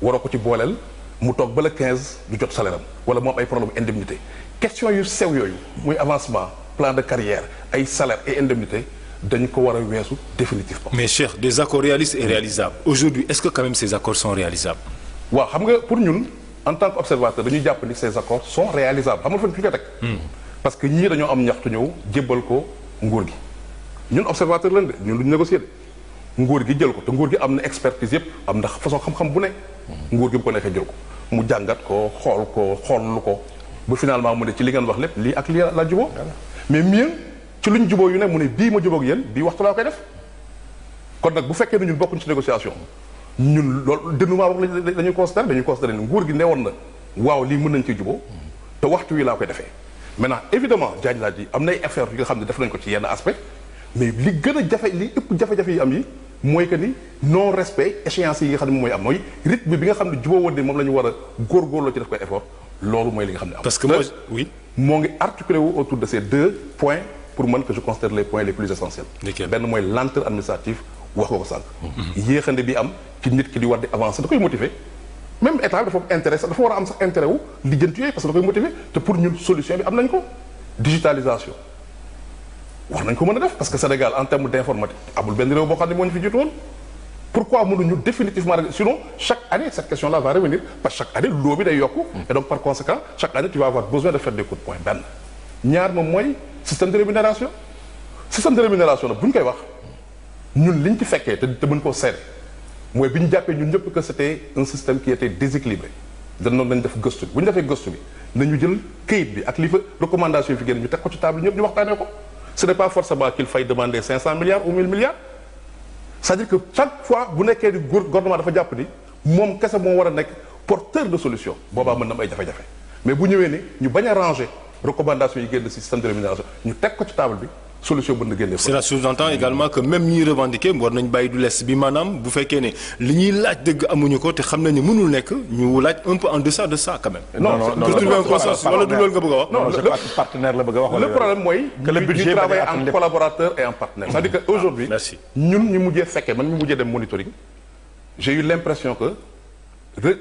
waroo ko ci booleel mu toog ba le 15 du jot salaire am wala mu ay problème indemnité question yu sew yooyu muy avancement plan de carrière ay salaire et indemnité dañ ko war a weesu définitivement. mais Cheikh des accords réalistes et réalisables aujourd'hui est-ce que quand même ces accords sont réalisables. waaw xam nga pour ñun en tant que observateur dañuy jàpp ni ces accords sont réalisables xam nga fan fi ñu ko hmm. parce que ñii dañoo am ñaxtu ñëw jébbal ko nguur gi ñun observateur lañ de lu ñu négocier de nguur gi jël ko te nguur gi am na expertise yëpp am na façon xam bu ne. nguur gi mu ko neexee jël ko mu jàngat ko xool ko xool xoollu ko ba finalement mu ne ci li ngeen wax lépp lii ak lii laa juboo mais mieux ci ñu juboo yu ne mu ne bii ma jubóog yéen bii waxtu laa koy def kon nag bu fekkee ne ñun bokkuñ ci négociation ñun loolu dénouement wax la ñuy considéré dañuy considéré ne nguur gi ne woon na waaw lii mën nañ ci juboo te waxtu wi laa koy defee maintenant évidemment Diagne laa di am nay affaire yi nga xam ne def nañ ko ci yenn aspect mais li gën a jafe li ëpp jafe yi am yi mooy que ni non respect échéance yi nga xam ne mooy am mooy rythme bi nga xam ne jubóo woon moom la ñu war a góorgóorloo ci def koy effort loolu mooy li nga xam ne am. parce que moi euh, oui. moo ngi articulé wu autour de ces deux points pour man que je considère les points les plus essentiels. benn mooy lenteur administrative wax ko ko sànq. Mhm. yéexande bi am ci nit ki di war di avancer da koy motiver. même état dafa am intérêt dafa war a am sax intérêt wu lijjanti yooyu parce que da koy motiver te ko digitalisation. wax nañ ko mën a def parce que Sénégal en terme d' informatique amul benn réew boo xam ne moo ñu fi jiitu woon pourquoi mënuñu définitivement sinon chaque année cette question là va revenir parce que chaque année loo bi day yokku et donc par conséquent chaque année tu vas avoir besoin de faire des coups de benn ñaar moom mooy système de rémunération système de rémunération nag bu ñu koy wax ñun liñ ci fekkee te te mën koo seet mooy bi ñu jàppee ñun ñëpp que c' était un système qui était déséquilibré danoon nañ def gëstu bi bu ñu defee gëstu bi nañu bi ak li fa recommandation yi fi génn ñu teg ko ci table ñëpp ñu waxtaanee ko ce n'est pas forcément qu'il faille demander 500 milliards ou 1000 milliards cest dire que chaque fois bu nekkee di gouvernement dafa jàpp ni moom kese moo war a nekk porteur de solution boobaa mën na am ay jafe-jafe mais bu ñëwee ni ñu bañ a ranger recommandation yi génn ci système de rémunération ñu teg ko ci table bi solution bu ñu génnee. cela sous-entend également que même ñiy revendiquer war nañ bàyyi bi maanaam bu nekk ñu laaj un peu en deçà de ça quand même. non non bëgg a wax. non je crois la bëgg a wax. le problème mooy. que le en collaborateur et en partenaire. cest à ñu mujjee fekkee man ñu mujjee dem monitoring j'ai eu l'impression que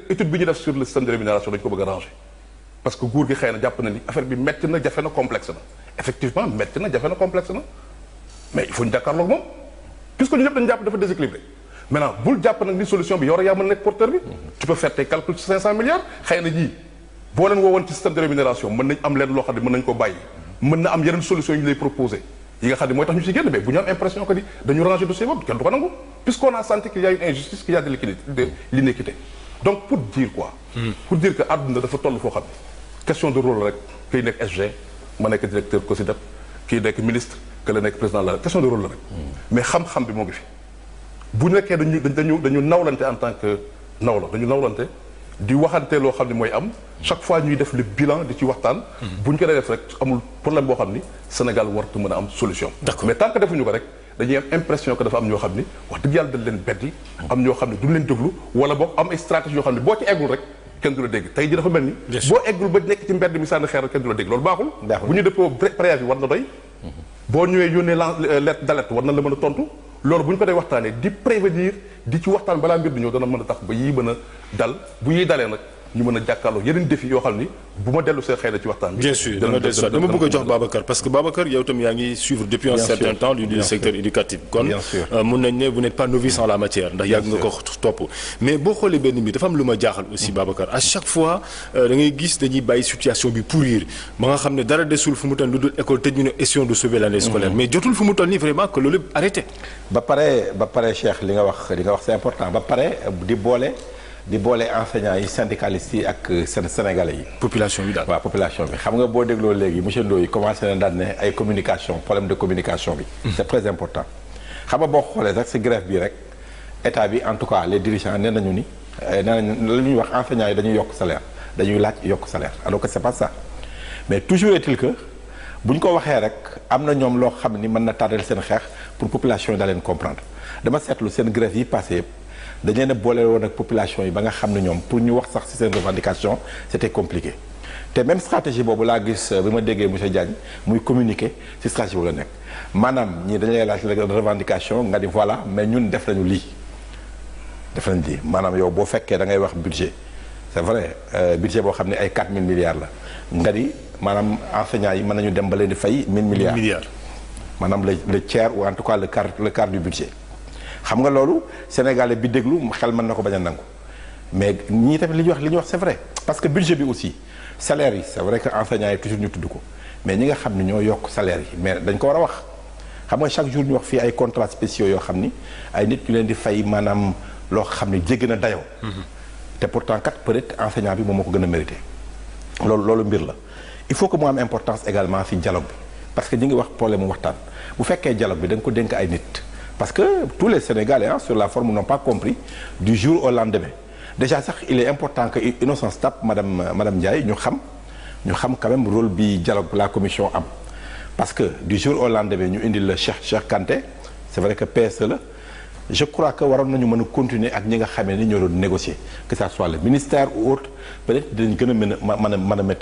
étude bi ñu def sur le système de rémunération dañu ko bëgg a ranger parce que nguur gi xëy na jàpp na ni affaire bi métti na jafe na complexe na effectivement métti na jafe na complexe na mais il faut ñu jàkkaarloog moom puisque ñu ñëpp dañu jàpp dafa déséquilibré maintenant bul jàpp nag ni solution bi yow rek yaa nekk porteur bi tu peux faire tes calculs ci 500 milliards xëy na ji boo leen woowoon ci système de rémunération mën nañ am leen loo xam ne mën nañu ko bàyyi mën na am yeneen solution yi ñu lay proposé yi nga xam ne mooy tax ñu ci génn mais bu ñu am impression que ni dañu ranger dossier hmm. dafa toll foo xam ne question de rôle rek kay ma nekk directeur COSYDEP kii nekk ministre que la nekk président de la question de rek. Hmm. mais xam-xam bi moo ngi fi bu ñu nekkee dañu dañu dañu nawlante en tant que nawla dañu nawlante di waxante loo xam ne mooy am chaque fois ñuy def le bilan di ci waxtaan. Hmm. bu ñu ko def rek amul problème boo xam ni Sénégal wartu mën a am solution. mais tant que defuñu ko rek dañuy am impression que dafa am ñoo xam ni wax dëgg yàlla dañ leen beddi. Hmm. am ñoo xam ne duñ leen déglu wala boog am ay yoo xam ne boo ci eggul rek. kenn du la dégg tey ji dafa mel ni boo eggul ba nekk ci mbedd mi sànni xeer kenn du la dégg loolu baaxul bu ñu dëppoo préavis war na doy boo ñëwee yónnee euh, lettre d'alerte war na la mën a tontu loolu bu ñu ko dee waxtaanee di prévenir di ci waxtaan balaa mbir di ñëw dana mën a tax ba yii mën a dal bu yii dalee nag ñu mën a jàkkaarloo yeneen défi yoo xam ni bu ma dellu see xëy na ci waxtaan bi bien sûr dama dellu si dama a jox Babacar parce que Babacar yow tam yaa ngi suivre depuis un certain euh, lu bi ma jaaxal aussi Babacar a chaque fois euh, da ngay gis dañuy bàyyi situation bi pourrir ba nga xam ne dara desul fu mu toll lu dul école tëj ñu ne essayons de sauver l'année scolaire mhm. mais jotul fu mu toll nii vraiment que loolu arrêté ba pare ba li nga wax li nga wax c'est important ba pare di boole di boolee enseignants yi syndicalistes yi ak euh, seen sénégalais yi. population bi daal waaw population bi xam nga boo dégloo léegi monsieur Ndoye commencé na daan ne ay communication problème de communication bi. c' est très important xam boo xoolee sax si grève bi rek état bi en tout cas les dirigeants ne nañu ni euh, nee nañu la ñuy wax enseignants yi dañuy yokk salaire dañuy laaj yokk salaire alors que c' est pas ça mais toujours est-il que bu ñu ko waxee rek am na ñoom loo xam ni mën na tardel seen xeex pour population yi daa leen dama seetlu seen grève yi passé dañ leen a woon ak population yi ba nga xam ne ñoom pour ñu wax sax ci seen revendication c'était compliqué te même stratégie boobu laa gis euh, bi ma déggee monsieur Diagne muy communiqué ci stratégie boobu la nekk maanaam ñii dañ lay laaj revendication nga di voilà mais ñun def nañu lii def nañ lii maanaam yow boo fekkee da ngay wax budget c'est vrai euh, budget boo xam ne ay 4000 milliards la nga di maanaam enseignants yi mën nañu dem ba leen di fay 1000 milliards milliards maanaam le le tiers ou en le quart le xam nga loolu sénégalais bi déglu xel man na ko bañ a nangu mais ñii tamit li ñu wax li ñu wax c'est vrai parce que budget bi aussi salaire yi c'est vrai que enseignants yi toujours ñu tudd ko mais ñi nga xam ne ñoo yokk salaire yi mais dañ ko war a wax xam nga chaque jour ñu wax fii ay contrats spéciaux yoo xam ni ay nit ñu leen di fay maanaam loo xam ne jéggi na dayoo. Mm-hmm. te pourtant kat peut-être enseignant bi moom moo ko gën a mérité. loolu loolu mbir la il faut que mu am importance également ci dialogue bi que ñu ngi wax problème waxtaan bu fekkee dialogue bi da ko dénk ay nit. parce que tous les Sénégalais hein, sur la forme n'ont pas compris du jour au déjà sax il est important que Innocence Ntap madame madame ñu xam ñu xam quand role rôle bi dialogue la commission am parce que du jour au lendemain ñu indil la Cheikh Cheikh Kanté c'est vrai que PSE la je crois que waroon nañu mën a continuer ak ñi nga xamee ni ñoo doon négocier que ça soit le ministère ou autre peut-être dinañ gën mën a mën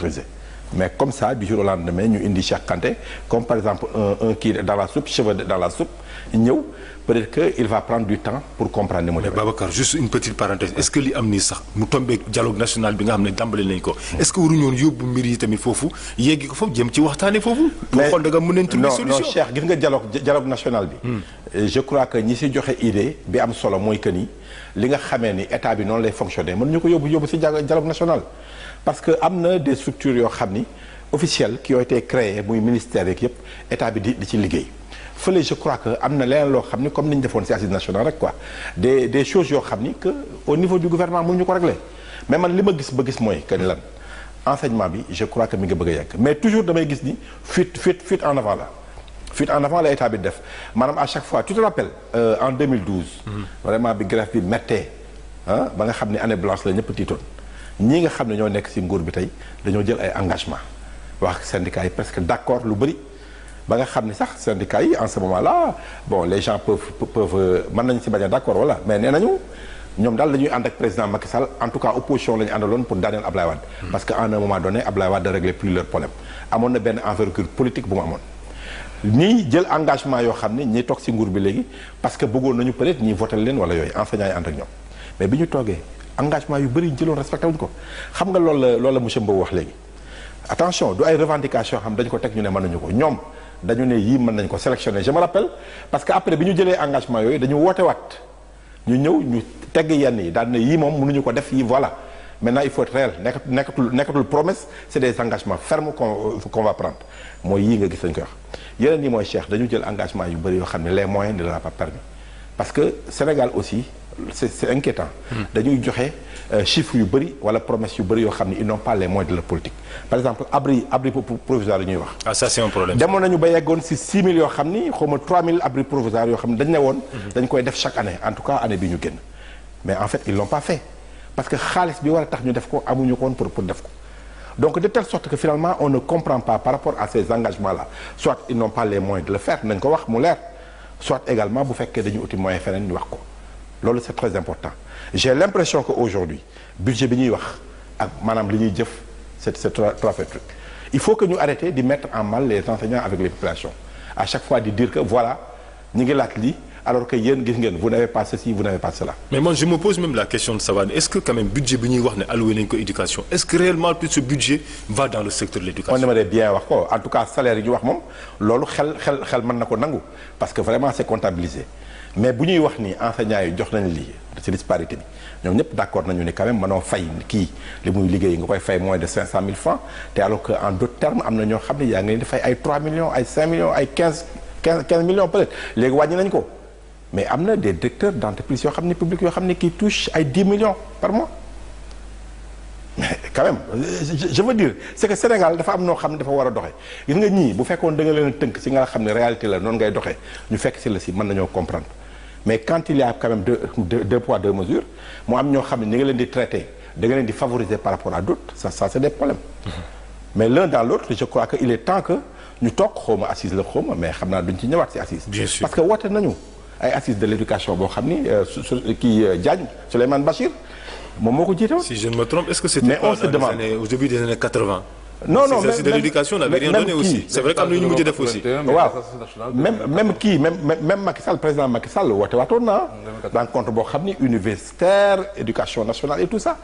mais comme ça du jour au ñu indi Cheikh Kanté comme par exemple un un kii dans la ñëw peut-être que il va prendre du temps pour comprendre ni mu demee. mais Babacar juste une petite parenthèse est-ce que li am nii sax mu tombé dialogue national bi nga xam ne tàmbali nañ ko. est-ce que waruñu woon yóbbu mbir yi tamit foofu yeggi ko foofu jëm ci waxtaanee foofu. pour xool da nga mën nañ trouver solution non gis nga dialogue dialogue bi. Hmm. je crois que ñi si joxe idée bi am solo mooy que ni li nga xamee ni état bi noonu lay fonctionner mën ñu ko yóbbu yóbbu si dialogue national. parce que am na des structures yoo xam ni officielles qui ont été créées muy ministère yeeg yëpp état bi di di ci liggéey. fële je crois que am na leen loo xam ni comme ni ñu defoon ci assise nationale rek quoi des des choses yoo xam ni que au niveau du gouvernement mënuñu ko régler mais man li ma gis ba gis mooy que ni lan enseignement bi je crois que mi nga bëgg a yegg mais toujours damay gis ni fuite fuite fuite en avant la fuite en avant la état bi def maanaam à chaque fois tu te rappelles euh, en 2012. vraiment bi grève bi méttee ba nga xam ne année blanche la ñëpp tiitoon ñi nga xam ne ñoo nekk ci nguur bi tey dañoo jël ay engagement wax syndicat yi presque d'accord lu bëri. ba nga xam ni sax syndicats yi en ce moment là bon les gens peuvent peuvent nañu si bañ a d'accord voilà mais nee nañu ñoom daal dañuy ànd ak président Macky en tout cas opposition la ñu àndaloon pour daaneel Ablaye Wade. Hmm. parce que en un moment donné ne réglait plus leur yoo xam ne ñiy toog si nguur bi léegi parce que bëggoon nañu peut-être ñiy voté leen wala yooyu enseignants yi ànd ak ñoom mais bi ñu toogee engagement yu bëri ñu jëloon respecté ko xam nga lool la loolu la monsieur Mbow wax léegi attention du ay revendications xam dañu ko ñu ne mënuñu ko ñoom. dañu ne yii mën nañ ko sélectionner je me rappelle parce que après bi ñu jëlee engagement yooyu dañu woote wat ñu ñëw ñu teg yenn yi daal ne yii moom mënuñu ko def yii voilà maintenant il faut être réel nekk nekkatul nekkatul promesse c'est des engagement fermes qu'on qu'on va prendre mooy yii nga gis dañ koy wax yeneen yi mooy Cheikh dañu jël engagement yu bëri yoo xam ne les moyens ne l'ont pas permis parce que Sénégal aussi c'est c'est inquiétant hmm. dañuy joxe Euh, chiffres yu bëri wala promesses yu bëri yoo xam ne ils n'ont pas les moyens de leur politique par exemple abri abri provisoire yi ñuy wax. Ah, demoon nañu ba yeggoon si 6 000 yoo xam ni xaw ma 3 abri provisoire yoo xam ne dañ ne woon. Mhm. dañ koy def chaque année en tout cas année bi ñu génn mais en fait ils l'ont pas fait parce que xaalis bi war a tax ñu def ko amuñu ko woon pour pour def ko. donc de telle sorte que finalement on ne comprend pas par rapport à ces bu fekkee dañu uti moyen feneen ñu j'ai l'impression que aujourd'hui budget bi ñuy wax ak maanaam li ñuy jëf c'est c'est trois il faut que ñu arrêter di mettre en mal les enseignants avec les populations à chaque fois di dire que voilà ñu ngi laaj lii alors que yéen gis ngeen vous n'avez pas ceci vous n'avez pas cela. mais moi je me pose même la question de savoir est-ce que quand même budget bi ñuy wax ne alloué nañu ko éducation est-ce que réellement tout ce budget va dans le secteur na parce que vraiment c'est mais bu ñuy wax ni enseignants yi jox nañ lii ci disparité bi ñoom ñëpp d' nañu ni quand même mënoo fay kii li muy liggéey nga koy fay moins de 500 000 francs te alors que en d'autres termes am na ñoo xam ne yaa ngi leen di fay ay 3 millions ay millions ay 15 15 15 millions peut léegi wàññi nañ ko mais am na des directeurs d' yoo xam ne public yoo xam ne kii touche ay 10 par mois mais quand même je veux dire c' que Sénégal dafa am noo xam ne dafa war a doxee gis nga ñii bu fekkoon da nga leen tënk ci nga xam ne réalité la noon ngay doxee ñu fekk ci la ci mën nañoo comprendre mais quand il y a deux poids deux mesures mu am ñoo xam ne ñu ngi leen di traité da nga leen di favoriser par rapport à d'autres ça ça c'est des problèmes mm-hmm. mais l'un dans l'autre je crois que il est temps que ñu toog xawma assise la xawma mais xam naa duñ ci ñëwaat ci assise parce que woote nañu ay assise de l'éducation boo xam ni euh, kii euh, Diagne Souleymane Bachir moom moo ko jiite woon ne me mais on se demande au début des années non non même de l'éducation n'avait rien donné aussi c'est vrai que am na ñu mujj ni universitaire éducation nationale et tout ça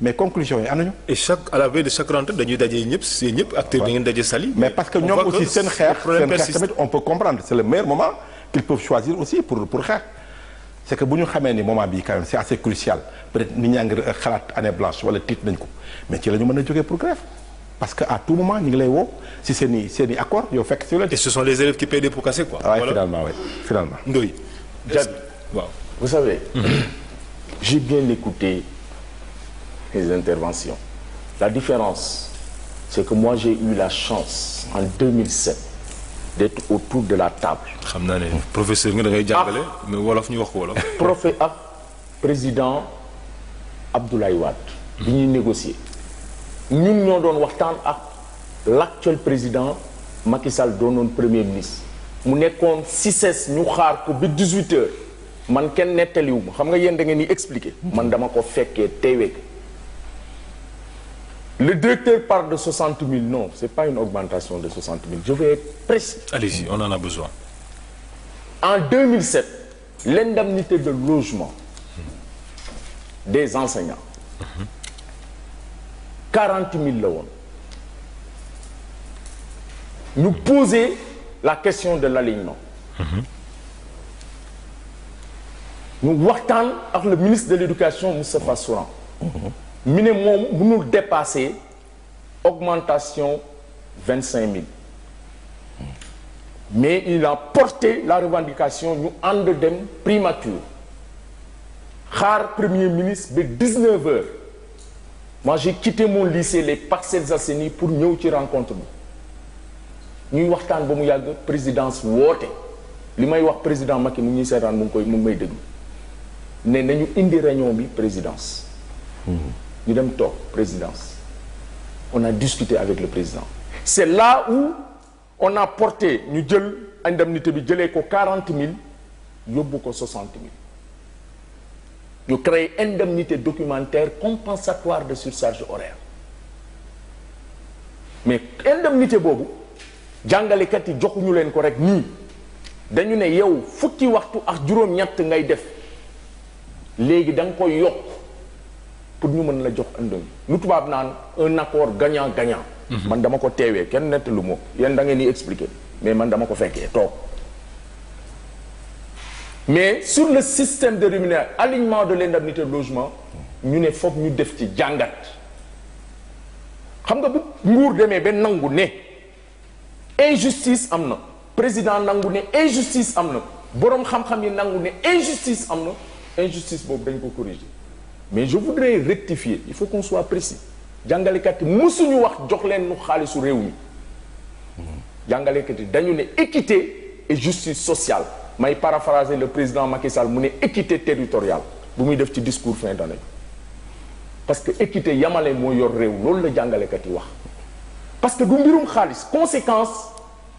mais conclusion yi de chaque rentrée dañuy daje ñëpp si ñëpp acteurs yi mais parce que ñoom aussi seen xeex seen xeex tamit on peut comprendre c'est le meilleur moment qu'ils peuvent choisir aussi pour pour c'est que bu ñu xamee moment bii c'est assez crucial peut-être nit ñaa ngi xalaat année blanche wala la ñu mën a jógee parce que à tout moment ñu ngi lay woo si seen i seen i accord yow fekk si la. et ce sont les qui paient pour casser quoi. finalement finalement. Ndoye. Diaby vous savez. j'ai bien écouté les interventions. la différence c'est que moi j'ai eu la chance en 2007 d'être autour de la table. xam naa ne professeur nga da ngay jàngale. Ah. mais wolof ñu wax ko wolof. président Abdoulaye Wade. négocier. ñun ñoo doon waxtaan ak l'actuel président Macky Sall doonoon premier ministre mu nekkoon si ses ñu xaar ko ba 18 heures man kenn nettaliwuma xam nga yéen da ngeen di expliquer man dama ko fekkee teewee le directeur parle de 60 000 non c'est pas une augmentation de 60 000 je vais être précis. allez-y on en a besoin. en 2007 l'indemnité de logement des enseignants. mm quarante mille la woon ñu poser la question de l'alignement ñu waxtaan ak le ministre de l'éducation Moustapha Souran mi ne moom mënul dépasser augmentation vingt cinq mille mais il a porté la revendication ñu ànd dem primature xaar premier ministre ba dix neuf heures moi j'ai quitté mon lycée les Parcelles Assainies pour ñëw ci rencontre bi ñuy waxtaan ba mu yàgg présidence woote li may wax président Macky mu ñuy seetaan mu koy mu ngi may déglu ne nañu indi réunion bi présidence mm-hmm. ñu dem toog présidence on a discuté avec le président c'est là où on a porté ñu jël indemnité bi jëlee ko quarante mille yóbbu ko soixante mille ñu créer indemnité documentaire compensatoire de surcharge horaire mais indemnité boobu jàngalekat yi joxuñu leen ko rek nii dañu ne yow fukki waxtu ak juróom-ñett ngay def léegi da nga koy yokk pour ñu mën la jox indemnité lu tubaab naan un accord gagnant gagnant. Mhm. man dama ko teewee kenn nett lu moom yéen da ngeen di expliquer mais man dama ko fekkee toog. mais sur le système de rémunération alignement de l'indemnité de logement ñu ne foog ñu def ci jàngat xam nga bu nguur demee benn nangu ne injustice am na président nangu ne injustice am na boroom xam-xam yi nangu ne injustice am na injustice boobu dañ ko corriger mais je voudrais rectifier il faut qu'on soit précis jàngalekat yi mësuñu wax jox leen nu xaalisu réew mi jàngalekat yi dañu ne équité et justice sociale may paraphraser le président Macky Sall mu ne équité territoriale bu muy def ci discours fin d'année parce que équité yamale moo yor réew loolu la jàngalekat yi wax parce que du mbirum xaalis conséquence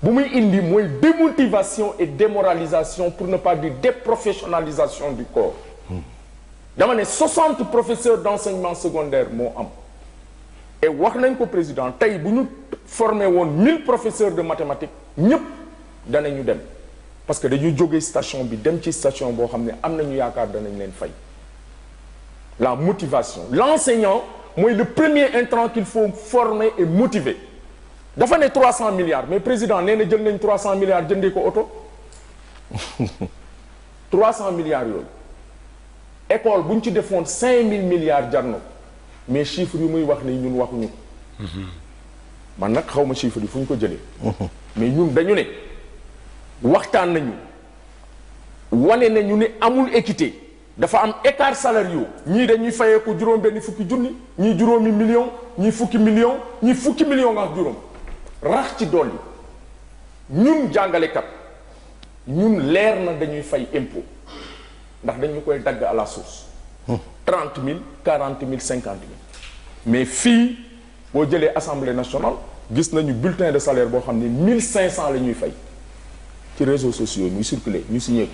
bu muy indi mooy démotivation et démoralisation pour ne pas dire déprofessionnalisation du corps dama ne 60 professeurs d'enseignement secondaire moo am et wax nañ ko président tey bu ñu formé woon 1000 professeurs de mathématiques ñépp danañu dem parce que dañu jógee station bi dem ci station boo xam ne am nañu yaakaar danañ leen fay la motivation l'enseignant mooy le premier intrant qu'il faut former et motiver dafa ne 300 milliards mais président nee na jël nañ 300 milliards jëndee ko oto 300 milliards yooyu école bu ñu ci defoon 5000 milliards jar na mais chiffre yu muy wax ni ñun waxuñu ko mhm. man nag xaw ma chiffre yi fu ñu ko jëlee mais ñun dañu ne waxtaan nañu wane nañu ni amul équité dafa am écart salariaux ñii dañuy fayee juróom benn fukki junni ñii juróomi million ñii fukki million ñii fukki million nga juróom rax ci dolli ñun jàngalekat ñun leer na dañuy fay impôt ndax dañu koy dagg à la source hmm. trente mille quarante mille cinquante mille mais fii boo jëlee assemblée nationale gis nañu bulletin de salaire boo xam ne mille cinq cent la ñuy fay ci réseaux sociaux muy circuler ñu signé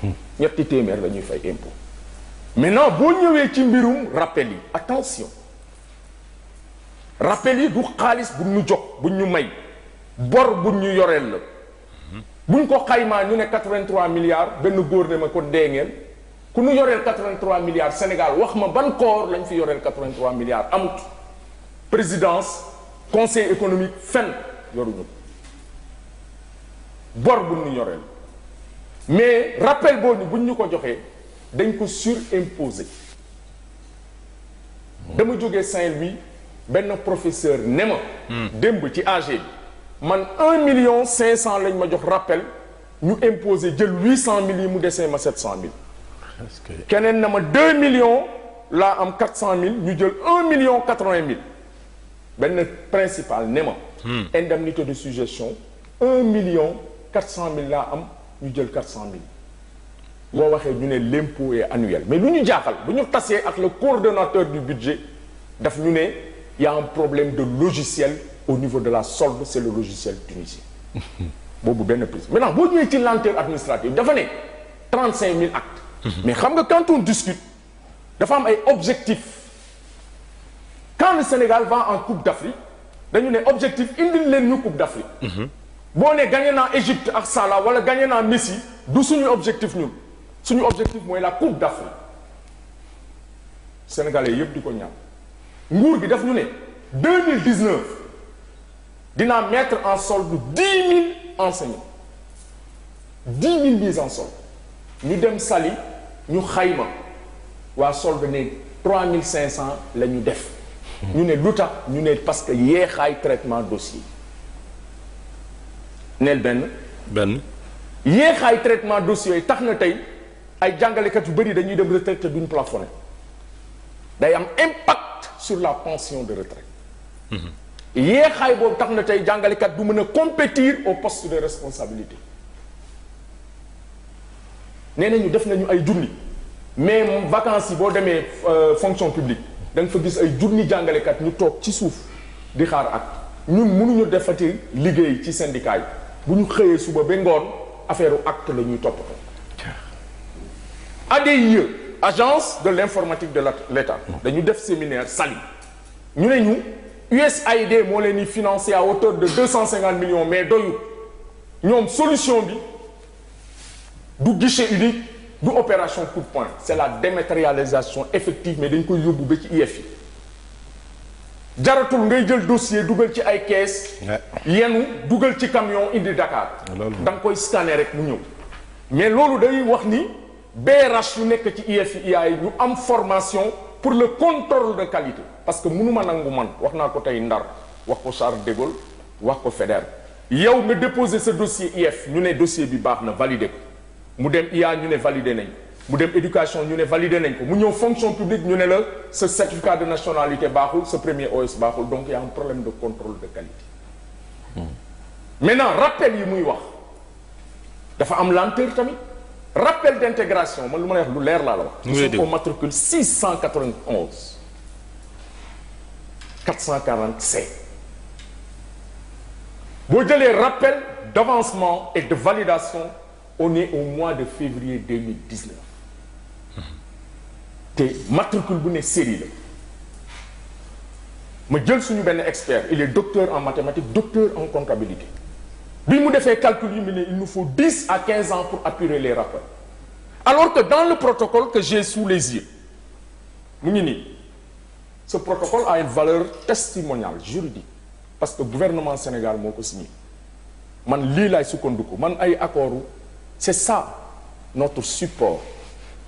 ko ñetti téeméer la ñuy fay mais nant boo ñëwee ci mbirum rappel yi attention rappel yi du xaalis bu ñu jox bu ñu may bor bu ñu yoreel la buñ ko xaymaa ñu ne 83 milliards benn góor ne ma ko dee ngeen ku ñu yoreel 83 milliards Sénégal wax ma ban koor lañu fi yoreel 83 milliards amut présidence conseil économique fenn yoruñu bor bu ñu ñoreel mais rappel boobu bu ñu ko joxee dañ ko surimposer dama jógee Saint-Louis benn professeur ne ma hmm. démb ci AG bi man un million cinq cent lañ ma jox rappel ñu imposé jël huit cent mille yi mu desee ma sept cent mille keneen na ma deux millions laa am quatre cent mille ñu jël un million quatre-vingt mille benn principal ne ma hmm. indemnité de suggestion un million quatre cent mille laa am ñu jël quatre cent mille boo waxee ñu ne l'impôt est annuel mais lu ñu jaaxal bu ñu tasee ak le coordonnateur du budget daf ñu ne y a un problème de logiciel au niveau de la solde c'est le logiciel tunisien boobu benn prise maintenant boo ñëwee ci lenteur administrative dafa ne trente cinq mille actes mhm. mais xam nga quand on discute dafa am ay objectif quand Sénégal va en Coupe d'Afrique dañu ne objectif indil leen ñu Coupe d'Afrique mhm. boo ne gagné na Égypte ak Salah wala gagné naa Messi du suñu objectif ñun suñu objectif mooy la coupe d'Afrique sénégalais yëpp di ko ñaan nguur gi daf ñu ne deux mille dix dinaa mettre en solde dix mille enseignants dix mille mises en solde ñu dem sali ñu xayma waa solde ne trois mille cinq cent la ñu def. ñu ne lu tax ñu ne parce que yeexaay traitement dossier. neel benn. benn. yéexaay traitement dossiers yi tax na tey ay jàngalekat yu bëri dañuy dem retraite duñ plafonné day am impact sur la pension de retraite. Mhm. yéexaay boobu tax na tey jàngalekat du mën a compétir au poste de responsabilité. nee nañu def nañu ay junni mais moom yi boo demee euh, fonction publique da fa gis ay junni jàngalekat ñu toog ci suuf di xaar ak ñun mënuñu defati liggéey ci syndicat yi. bu ñu xëyee suba ba ngoon affaire acte la ñuy toppatoo. ADIE agence de l' informatique de l' état dañu def séminaire Saly ñu ne ñu USAID moo leen di financé à hauteur de deux cent cinquante millions mais doyu ñoom solution bi du guichet unique du opération coup de poing la dématérialisation effective mais dañ koy yóbbu ba ci IEF yi. jaratul ngay jël dossier dugal ci ay kees. yenu dugal ci camion indi Dakar. Ah, da nga koy scanner rek mu ñëw. mais loolu day wax ni BRH yu nekk ci UFIA yi ñu am formation pour le contrôle de qualité parce que mënuma nangu man wax naa ko tey Ndar wax ko Charles de Gaulle wax ko FEDER. yow nga déposé sa dossier IF ñu ne dossier bi baax na validé ko mu dem IA ñu ne validé nañ bu dem éducation ñu ne validé nañ ko mu ñëw fonction publique ñu ne la ce certificat de nationalité baaxul ce premier OS baaxul donc y a un problème de contrôle de qualité mmh. maintenant rappel yi muy wax dafa am lenteur tamit rappel d'intégration man lu ma lay wax lu leer laa la wax nous sommes au matricule 691 447 boo jëlee rappel d'avancement et de validation au est au mois de février 2019 te matricule bu ne série la ma jël suñu benn expert il est docteur en mathématiques docteur en comptabilité bi mu defee calcul yi mu ne il nous faut dix à quinze ans pour apurer les rapports alors que dans le protocole que j'ai sous les mu ngi nii ce protocole a une valeur testimoniale juridique parce que gouvernement Sénégal moo ko signé man lii laay sukkandiku man ay accordu c'est ça notre support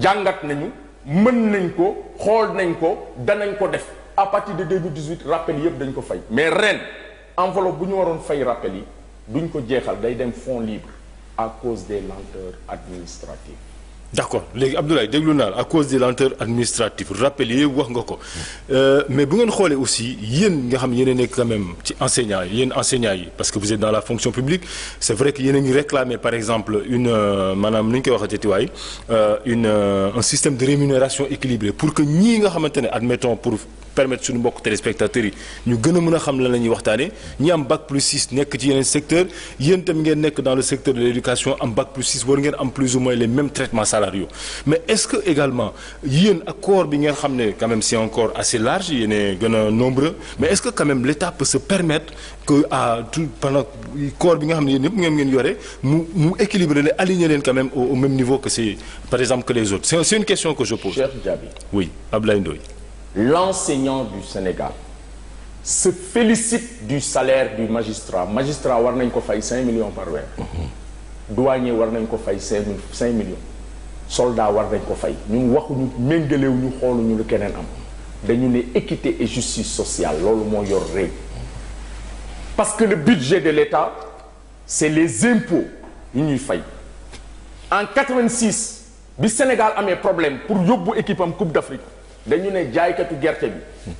jàngat nañu mën nañ ko xool nañ ko danañ ko def à partir de 2018 rappel yëpp dañ ko fay mais ren enveloppe bu ñu waroon fay rappel yi duñ ko jeexal day dem fonds libre à cause des lenteurs administratives d'accord léegi Abdoulaye déglu naa à cause des lenteurs administratives rappel yee wax nga ko euh, mais bu ngeen xoolee aussi yéen nga xam yéen a quand même ci enseignants yi yéen enseignants yi parce que vous êtes dans la fonction publique c'est vrai que yéen a ngi réclamer par exemple une euh, maanaam nu ñu koy waxee tiwaay euh, une un système de rémunération équilibré pour que ñii nga xamante ne admettons pour permettre suñu mbokk téléspectateurs yi ñu gën a mën a xam lan la ñuy waxtaane ñi am bac plus 6 nekk ci yeneen secteur yéen tam ngeen nekk dans le secteur de l'éducation am bac plus 6 war ngeen am plus ou moins les mêmes traitements salariaux mais est-ce que également yéen ak corps bi ngeen xam ne quand même c'est un corps assez large yéen gën a nombreux mais est-ce que quand même l'État peut se permettre que à tout corps bi nga xam ne yéen ñëpp ngeen ngeen yore mu mu équilibrer leen aligner leen quand même au même niveau l'enseignant du Sénégal se félicite du salaire du magistrat magistrat war nañ ko fay cinq millions par weer mhm. douanier war nañ ko fay cinq cinq millions soldat war nañ ko fay ñu waxuñu méngalewu ñu xooluñu lu keneen am dañu ne équité et justice sociale loolu moo yor réew parce que le budget de l'État c'est les impôts yu ñuy fay en 86 bi Sénégal amee problème pour yóbbu équipe am Coupe d'Afrique dañu ne jaaykatu gerte bi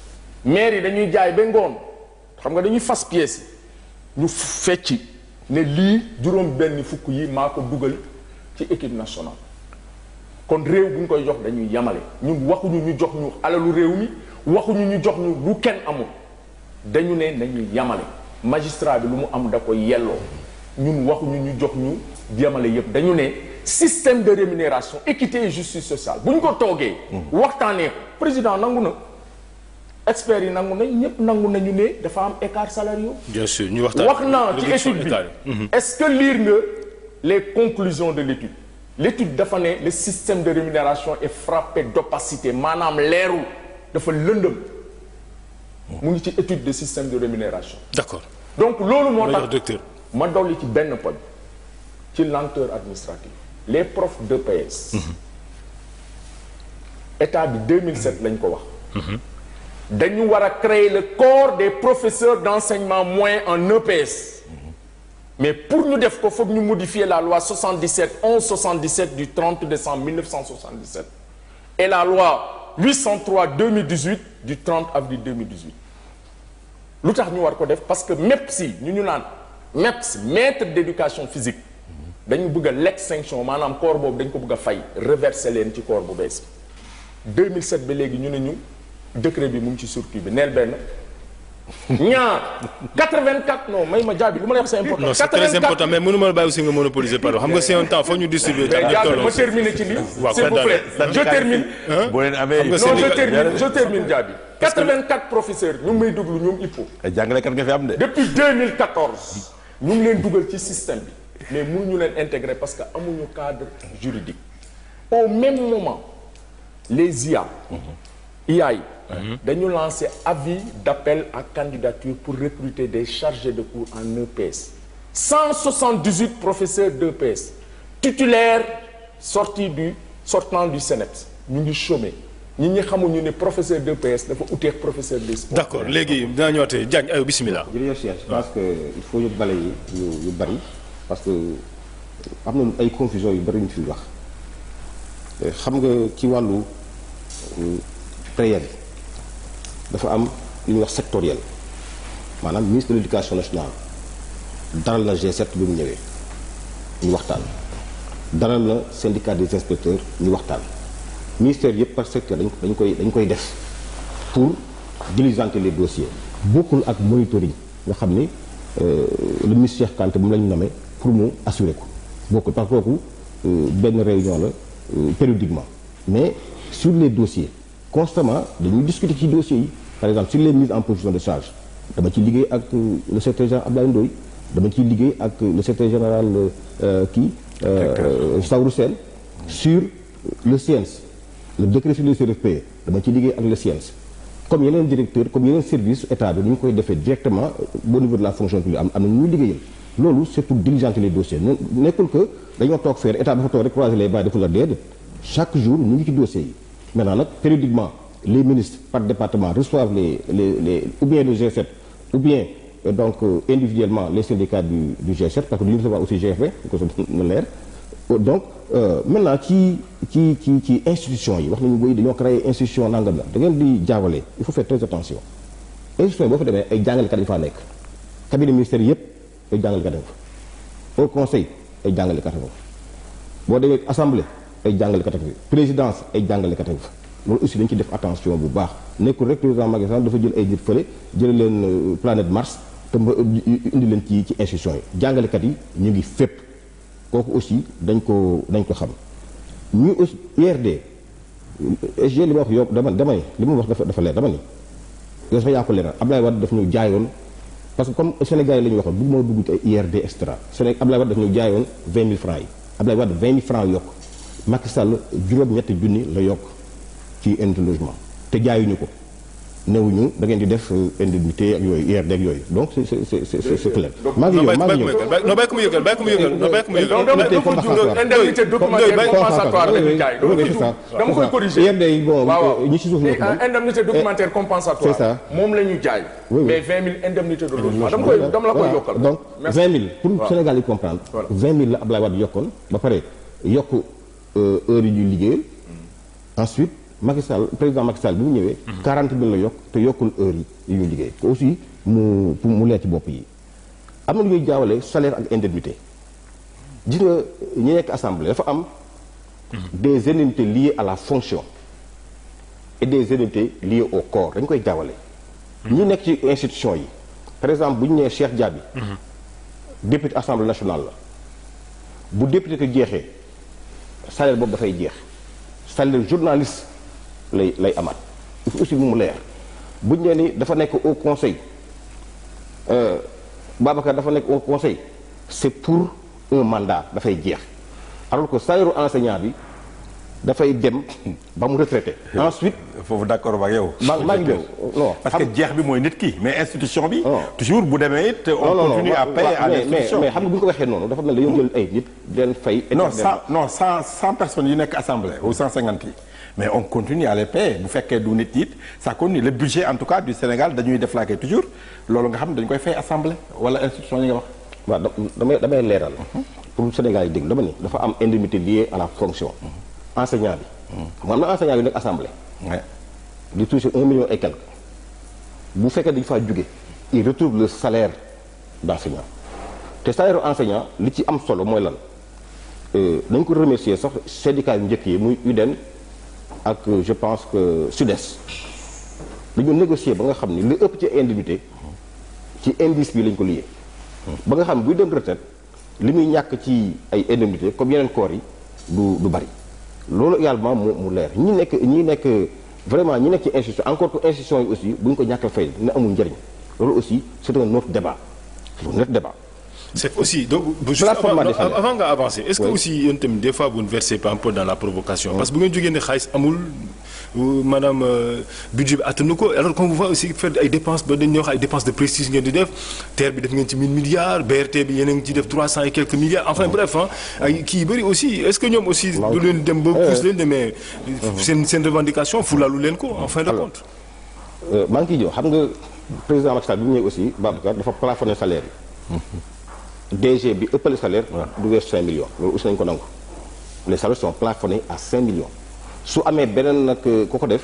mair yi dañuy jaay ba ngoon xam nga dañuy fas pièce yi ñu fecc ne lii juróom benn fukk yi maa ko dugal ci équipe nationale kon réew bu ñu koy jox dañuy yamale ñun waxuñu ñu jox ñu alalu réew mi waxuñu ñu jox ñu lu kenn amul dañu ne nañuy yamale magistrat bi lu mu am da ko yelloo ñun waxuñu ñu jox ñu yamale yépp dañu ne système de rémunération équité et justice sociale bu ñu ko toogee. waxtaanee président nangu na. experts yi nangu nañ ñëpp nangu nañu ne dafa am écart salarial. bien sûr ñu waxtaan wax naa ci étude bi mm-hmm. Mm-hmm. est-ce que lire nga les conclusions de l'étude l'étude dafa ne le système de rémunération est frappé d'opacité maanaam leeru dafa lëndëm mm-hmm. mu ngi ci étude de système de rémunération. d'accord donc loolu moo tax ma dolli ci benn poñ ci lenteur administrative. les profs d'EPS état bi 2007 lañ ko wax dañu war a créer le corps des professeurs d'enseignement moyen en EPS mais pour ñu def ko foog ñu modifier la loi 77 11 77 du 30 décembre 1977 et la loi 803 2018 du 30 avril 2018 lu tax ñu war ko def parce que MEPSI ñu ñu naan MEPS maître d'éducation physique dañu bëgg a l'extinction maanaam corps boobu dañ ko bëgg a fay reverser leen ci corps bu bees bi 2007 ba léegi ñu ne ñu décret bi mu ngi ci circuit bi neel benn ñaar 84 non may ma jaabi lu ma lay wax c'est important. non c'est mais mënu ma bàyyi aussi nga monopoliser par xam nga c'est un temps foog ñu distribuer. jaabi ma nga fi am de. depuis 2014 ñu ngi leen dugal ci système bi. mais ñu leen intégrer parce que amuñu cadre juridique au même moment les IA IA yi dañu lancer avis d'appel à candidature pour recruter des chargés de cours en EPS 178 professeurs d'EPS titulaires sortis du sortant du CNEPS ñu ngi chômer ñi ñi xamuñu ne professeur d'EPS dafa uteex professeur de sport. d'accord léegi dinaa ñëwaatee Diagne ayo bismillah. jërëjëf Cheikh je pense que il faut ñu bale yi yu yu bari. parce que euh, am na ay confusion yu bëri ñu fi wax euh, xam nga ci wàllu euh, prière dafa am lu ñuy wax sectoriel maanaam ministre de l' éducation nationale daral na G7 bi mu ñëwee ñu waxtaan daral na syndicat des inspecteurs ñu waxtaan ministère yëpp par secteur dañ dañ koy dañ koy def pour diligenter les dossiers bokkul ak monitoring nga xam ni le ministre Cheikh Kanté moom la lañu nommé pour mu assurer ko bokk parce que kooku euh, benn réunion la euh, périodiquement mais sur les dossiers constamment dañuy discuter ci dossiers yi par exemple sur les mises en position de charge dama ci liggéey ak euh, le secrétaire général Abdoulaye Ndoye dama ciy liggéey ak le secrétaire général kii Saourou Sène sur le CNES le décret sur les CRFPE dama ciy liggéey ak le CNES comme yeneen directeur comme yeneen service état bi ni ñu koy defee directement au niveau de la fonction publique am am na ñuy liggéeyal loolu surtout diligenter les dossiers nekkul que dañoo toog faire état dafa toog rek croiser les bras deful la déedéet chaque jour ñu ngi ci dossiers yi maintenant nag périodiquement les ministres par département reçoivent les ou bien le G7 ou bien euh, donc euh, individuellement les syndicats du du G7 parce que du ñu recevoir aussi GFB ko so na leer euh, donc maintenant ci ci kii ci institution yi wax nañu boy dañoo créé institution nangam la da ngeen di jaawale il faut faire très attention institution fa ay jàngalekat yi faa nekk cabinet ministère yëpp ay jàngalekat nga au conseil ay jàngalekat nga fa boo demee assemblée ay jàngalekat nga fa présidence ay jàngalekat nga fa loolu aussi dañ ci def attention bu baax nekkul rek président Macky Sall dafa jël ay nit fële jël leen euh, planète Mars te euh, indi leen ci ci institution yi jàngalekat yi ñu ngi fépp kooku aussi dañ ko dañ ko xam ñu aussi URD euh, SG li ma wax yow dama damay li ma wax dafa dafa leer dama ni yow sax yaa ko leeral Abdoulaye Wade daf ñu jaayoon parce que comme Sénégal yi la ñu waxoon moo dugg ci ay IRD extra Sénégal Ablaye Wade daf ñu jaayoon 20 000 francs yi Ablaye Wade 20 000 francs yokk Macky Sall juróom-ñetti junni la yokk ci indi logement te jaayuñu ko newuñu da ngeen di def euh, indemnité ak yooyu IRD ak yooyu donc c'est c'est c'est clair. compensatoire la ñu jaay. loolu c'est ça dama koy corriger IRD yi bon suuf euh, eh, moom indemnité jaay. mais de logement dama koy dama la koy yokkal. donc pour Sénégal yi comprendre. voilà 20 000 la Abdoulaye Wade yokkoon ba pare yokk euh, heure yi ñuy hmm. ensuite Macky Sall président Macky bi mu ñëwee. 40 mhm. mille la yokk te yokkul heure yi ñu liggéey. aussi mu mu leer ci bopp yi am na lu ñuy jaawale salaire ak indemnité gis nga ñi nekk assemblée dafa am. Mhm. des indemnités liées à la fonction et des indemnités liées au corps dañ koy jaawale. Mhm. ñi nekk ci institution yi par exemple bu ñu nee Cheikh Diaby. député assemblée nationale la bu député ko jeexee salaire boobu dafay jeex salaire journaliste. lay lay amaat il faut aussi mu leer buñ ñu nee ni dafa nekk au conseil euh, Babacar dafa nekk au conseil c'est pour un mandat dafay jeex alors que saayiru enseignant bi dafay dem ba mu retraité. ensuite foofu d'accord ba yow. parce que jeex bi mooy nit ki mais institution bi. toujours bu demee it. on continue mais xam nga bu ko waxee noonu dafa mel ni nit. den fay. non cent cent cent personnes yu nekk assemblée au cent cinquante yi. mais on continue à les payer bu fekkee du nit it ça continue le budget en tout cas du Sénégal dañuy déflaquer toujours loolu nga xam dañ koy fay assemblée wala institution yi nga wax. waaw damay damay leeral. pour Sénégal yi dégg dama ni dafa am indemnité liée à la fonction. enseignant bi. Mhm. xam nga enseignant bi nag assemblée. di touché un million et quelque. bu fekkee dañu faa jóge il retrouve le salaire d' enseignant te salaire enseignant li ci am solo mooy lan. Euh, dañ ko remercier sax syndicat njëkk yi muy UDEN. ak euh, je pense que sud-est dañu négocier ba nga xam ni li ëpp ci indemnité ci indice bi lañ ko liyee ba nga xam buy dem retraite li muy ñàkk ci ay indemnité comme yeneen corps yi du du bari loolu également mu mu leer ñi nekk ñi nekk vraiment ñi nekk ci institution encore que institution yi aussi bu ñu ko ñàkk fay na amul njariñ loolu aussi c'est un autre débat c'est un autre c'est aussi donc juste avant nga avancer est-ce que aussi yéen tamit des fois vous ne versez pas un peu dans la provocation parce que bu ngeen jógee ne xaalis amul maanaam euh, budget bi attanu ko alors qu'on vous voit aussi faire ay dépenses ba dañ ñuy wax ay dépenses de prestige ngeen di def TER bi def ngeen ci milliards BRT bi yéen ngi ci def 300 et quelques milliards enfin bref ay kii yu bëri aussi est-ce que ñoom aussi du leen dem ba eh. pousse mm-hmm. leen ko en fin de compte euh, maa ngi xam nga président Macky Sall bi salaire yi mm-hmm. DG bi ëppale salaire du weesu 5 millions loolu aussi nañu ko nangu les salaires sont plafonnés à 5 millions su amee beneen nag euh, ku ko def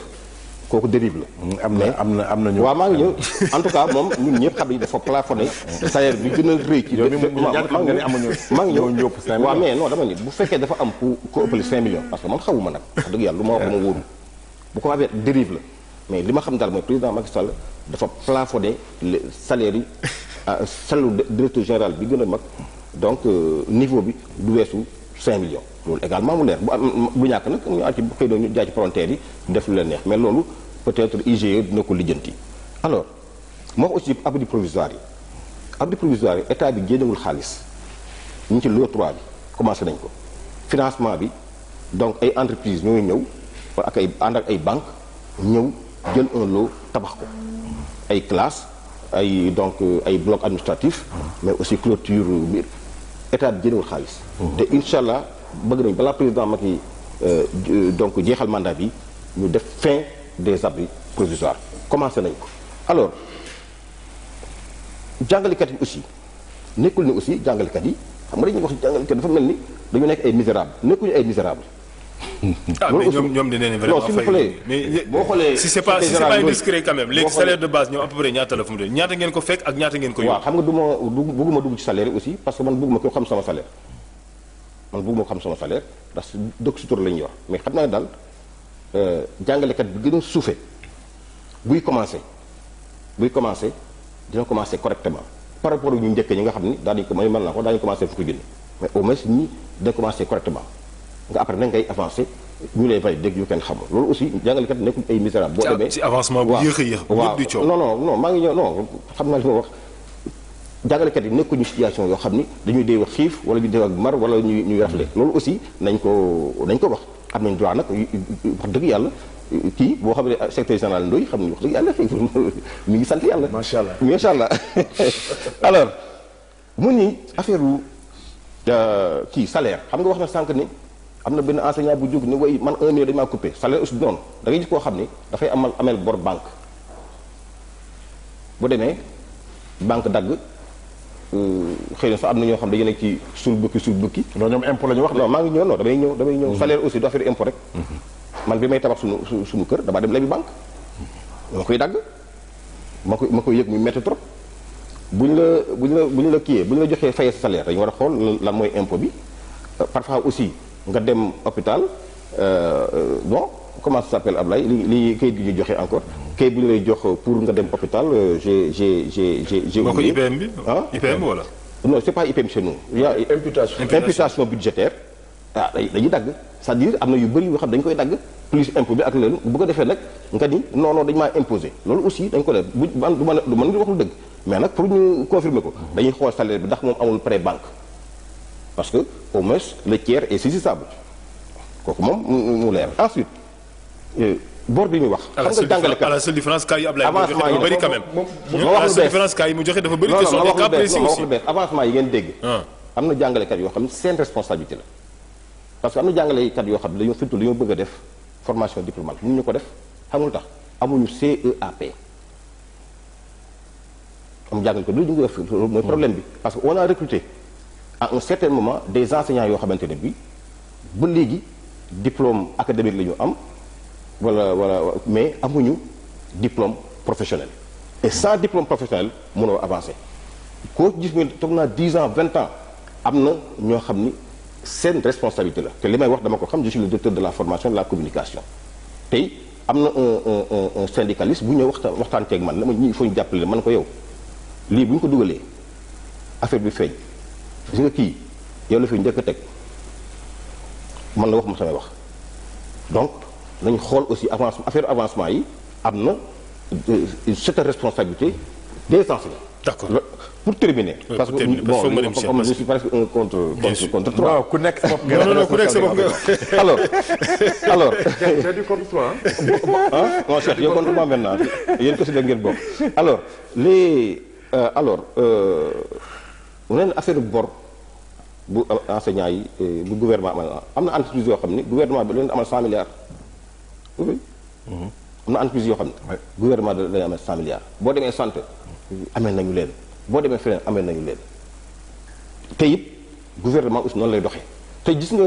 kooku dérive la. Mm, am na am na am na ñu. waaw maa ngi ñëw en tout cas moom ñun ñëpp xam nañu dafa plafonné mm. salaire bi gën a rëy. ci yow xam nga ne amuñu. maa ngi ñëw ñëpp mais non dama bu fekkee dafa am ku ëppale 5 millions parce que man xawuma nag wax dëgg yàlla lu ma wax dama wóoru bu ko amee dérive la. mais li ma xam daal mooy président Macky Sall dafa plafonné le salaire yi euh, salaire directeur général bi gën a mag donc euh, niveau bi du weesu 5 millions. loolu également mu leer bu am bu ñàkk nag ñu àcc xëy ñu jaay ci def lu leen neex mais loolu peut-être IGE dina ko lijjanti. alors moo aussi abri provisoire yi abri provisoire yi état bi génnewul xaalis ñu ci loi 3 bi commencé nañ ko financement bi donc ay entreprise ñooy ñëw ak ak ay banque ñëw. jël un lot tabax ko ay classes ay donc euh, ay blocs administratifs mais aussi clôture biir état bi jëlewul xaalis te incha allah bëgg nañu balaa président Macky euh, euh, donc jeexal mandat bi ñu def fin des abris provisoires commencé nañ ko alors jàngalekat yi aussi nekkul ne aussi jàngalekat yi xam nga dañuy wax jàngalekat dafa mel ni dañu nekk ay misérable nekkuñu ay misérable ah mais ñoom ñoom dinañ vraiment boo xoolee si c'est pas si c'est pas indiscret quand même léegi salaire de base ñoom à peu fu mu de ñaata ngeen ko fekk ak ñaata ngeen ko yóbbu waaw xam nga du ma bugguma dugg ci salaire aussi parce que man bugguma ko xam sama salaire man bugguma ko xam sama salaire ndax dëkk sutur la ñu yor mais xam naa daal euh, jàngalekat bi gën a suufe buy commencé buy commencé dina commencé correctement par rapport ñu nga xam ni daal dañu ko man ko daañu commencé fukki junni mais nga après nag ngay avancé ñu lay fay dégg yu kenn xamul loolu aussi jàngalekat nekkul ay misérable boo demee ci avancement bu yéex a yéex waaw di coow non non maa ngi ñëw non xam naa li ma wax jàngalekat yi nekkuñu situation yoo xam ni dañuy dee wax xiif wala ñu dee ak mar wala ñuy ñuy rafle loolu aussi nañ ko nañ ko wax am nañ droit nag wax dëgg yàlla kii boo xam ne secteur général Ndoye xam ne wax dëgg yàlla mi ngi sant yàlla. macha allah macha allah alors affaire euh, kii salaire xam nga wax sànq ni. am na benn enseignant bu jóg ni way man 1 million dañu maa coupé salaire aussi noonu da gis koo xam ni dafay amal amel bor banque bu demee banque dagg euh, xëy na sax am na ñoo xam dañu nekk ci suul bukki suul bukki. loolu ñoom impôt la ñu wax non maa ngi ñëw non damay ñëw damay ñëw. Mm-hmm. salaire aussi du affaire impôt rek. Mm-hmm. man bi may tabax suñu suñu kër damaa dem lebi banque. ma koy dagg ma koy ma koy yëg muy métti trop buñ la buñ la buñ la kiyee buñ la joxee fayee salaire dañu war a xool lan mooy impôt bi euh, parfois aussi. nga dem hôpital euh, bon comment ça s'appelle Ablaye li li kayit gi joxe encore kayit bu ñu lay jox pour nga dem hôpital euh, j'ai j'ai j'ai j'ai j'ai boo ko IPM bi ah IPM wala non c'est pas IPM chez nous il a imputation imputation budgétaire ah dañuy dagg c'est-à-dire am na yu bëri yoo xam dañu koy dagg plus impôt bi ak leen bu ko defee nag nga ni non non maa imposé loolu aussi dañ ko def bu man du man du mën wax lu dëgg mais nag pour ñu confirmer ko dañuy xool salaire bi ndax moom amul pré banque parce que au moins le tiers est saisissable kooku moom mu leer ensuite euh, bor bi muy wax. xam nga jàngalekat différence cas yi Ablaye mu joxe dafa bëri quand même. ma wax lu bees à la seule différence joxe dafa bëri. te sont des cas précis yi ngeen dégg. Ah. am na jàngalekat yoo xam seen responsabilité la. parce que am na jàngalekat yoo xam ne dañoo surtout dañoo bëgg a def formation diplômante mënuñu ko def xamul tax amuñu CEAP. am jàngalekat lu ñu ko def mooy problème bi parce que on a recruté. à un certain moment des enseignants yoo xamante ne bi ba léegi diplôme académique la ñu am wala wala mais amuñu diplôme professionnel et sans diplôme professionnel mënoo avancer koo gis nga toog naa 10 ans 20 ans am na ñoo xam ni seen responsabilité la te li may wax dama ko xam je suis le directeur de la formation de la communication tey am na un un un bu ñëw waxtaan waxtaan teeg man la ma ñu il ñu jàppale man ko yow lii bu ñu ko dugalee affaire bi feeñ. gis nga kii yow la fi njëkk a teg man la wax mu samay wax donc nañ xool aussi avancement affaire avancement yi am na euh, cette responsabilité des enseignants. d'accord pour terminer. Oui, parce, pour terminer bon, parce que bon comme je suis presque un contre contre contre trois. waaw ku nekk sa bopp nga. non sa bopp nga. alors alors. j'ai ko si da ngeen bokk alors les euh, alors. Euh, leneen affaire bor bu enseignant yi euh, bu gouvernement amal am na entreprise yoo xam ne gouvernement bi leen amal 100 milliards mm-hmm. am na entreprise yoo xam ne gouvernement bi dañu amal 100 milliards boo demee santé amee nañu leen boo demee feneen amee nañu leen te it gouvernement aussi noonu lay doxee te gis nga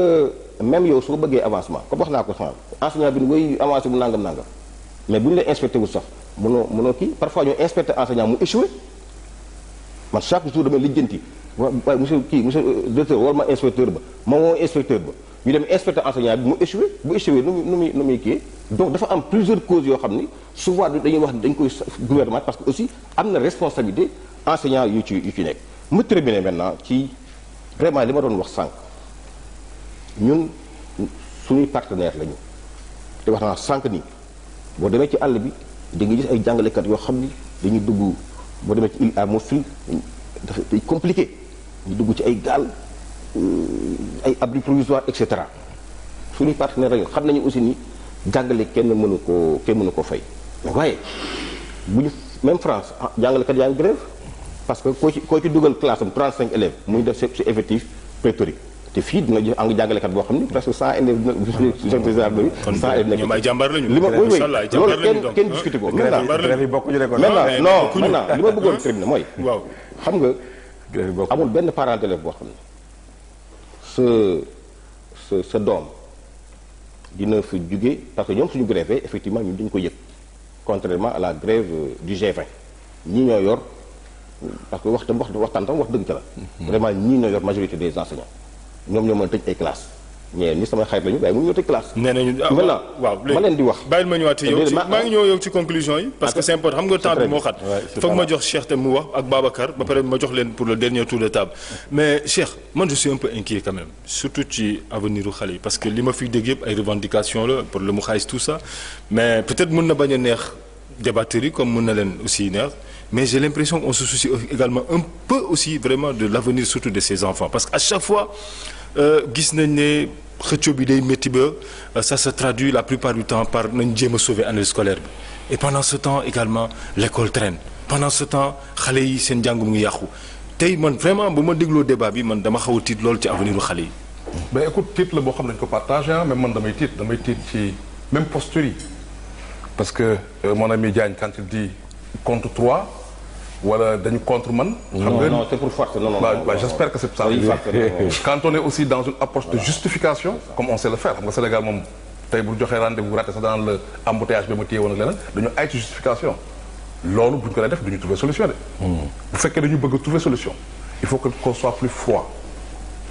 même yow soo bëggee avancement comme wax naa ko sànq enseignant bi ni way avancé bu nangam nangam mais bu ñu lay inspecté wu sax mënoo mënoo kii parfois ñoo inspecté mu échoué man chaque jour damay lijjanti waaye monsieur kii monsieur euh, directeur war ma inspecteur ba ma woo inspecteur ba ñu dem inspecteur enseignant bi mu échoué bu échoué nu muy nu muy nu muy kii donc dafa am plusieurs causes yoo xam ni souvent dañuy wax dañ koy gouvernement parce que aussi am na responsabilité enseignant yu ci yu ci nekk mu terminer ci vraiment li ma doon wax sànq ñun suñuy partenaire lañu te naa sànq nii boo demee ci àll bi da nga gis ay jàngalekat yoo xam ni dañuy dugg boo demee ci île à Mosul dafa day compliqué ñu dugg ci ay gaal euh, ay abri provisoire et cetera suñuy partenaire rajo xam nañu aussi ni jàngale kenn mënu koo kenn mënu koo fay waaye bu ñu même France ah, jàngalekat yaa ngi grève parce que koo ci koo ci dugal classe am 35 élèves muy def si effectif pléthorique te fii dina jox ang jàngalekat boo xam ni presque cent élèves directeur général bi ay lañu li ma oui oui loolu kenn kenn ah. discuté ko maintenant maintenant ah, non maintenant li ma bëggoon terminer ah. mooy xam nga amul benn parent d'élève boo xam ne sa sa doom dina fi juge parce que ñoom suñu grève effectivement ñun dañu ko yëg contrairement a la grève euh, du G20 ñi yor parce que waxtam wax waxtaan tam wax dëgg ca la mhm. vraiment ñii ñoo yor majorité des enseignants ñoom ñoo mën a tëj ay classe mais ni sama xarit lañu waaye mënuñoo tëj classe. nee nañu ah, ma leen di wax. bàyyil ma ñëwaat yow maa ngi ñëw yow ci conclusion yi. parce ah, que c'est important xam nga temps bi moo xat. foog ma jox Cheikh te mu wax ak Babacar ma jox leen pour le dernier tour de table. mais Cheikh man je suis un peu inquiet quand surtout ci avenir xale yi parce que li ma fi dégg yëpp ay revendications la pour le mu xaalis tout ça mais peut-être mën na bañ a neex débatteur yi comme mën na leen aussi neex. mais j'ai l'impression qu'on se soucie également un peu Euh, gis nañ ne xëccoo bi day métti ba euh, ça se traduit la plupart du temps par nañ jéem a sauver année scolaire bi et pendant ce temps également l'école traîne pendant ce temps xale yi seen jàng mu ngi yàqu tey man vraiment bu ma dégloo débat bi man dama xaw a tiit loolu ci avenir u xale yi. écoute tiit la boo xam ne dañ ko partagé ah mais man damay tiit damay tiit ci même posture parce que euh, mon ami Diagne quand di dit compte 3. wala dañu contre man. xam nga non c'est pour force non non. waaw j'espère que c'est ça. quand aussi dans une approche de justification. comme on sait le faire xam nga Sénégal moom tey bu joxee rendez-vous raté sax daan la embouteillage bi ma téye woon ak leneen dañu ay ci justification. loolu bu ñu ko def du ñu trouver solution de. Hmm. bu fekkee dañu bëgg trouver solution. il faut que qu'on soit plus froid.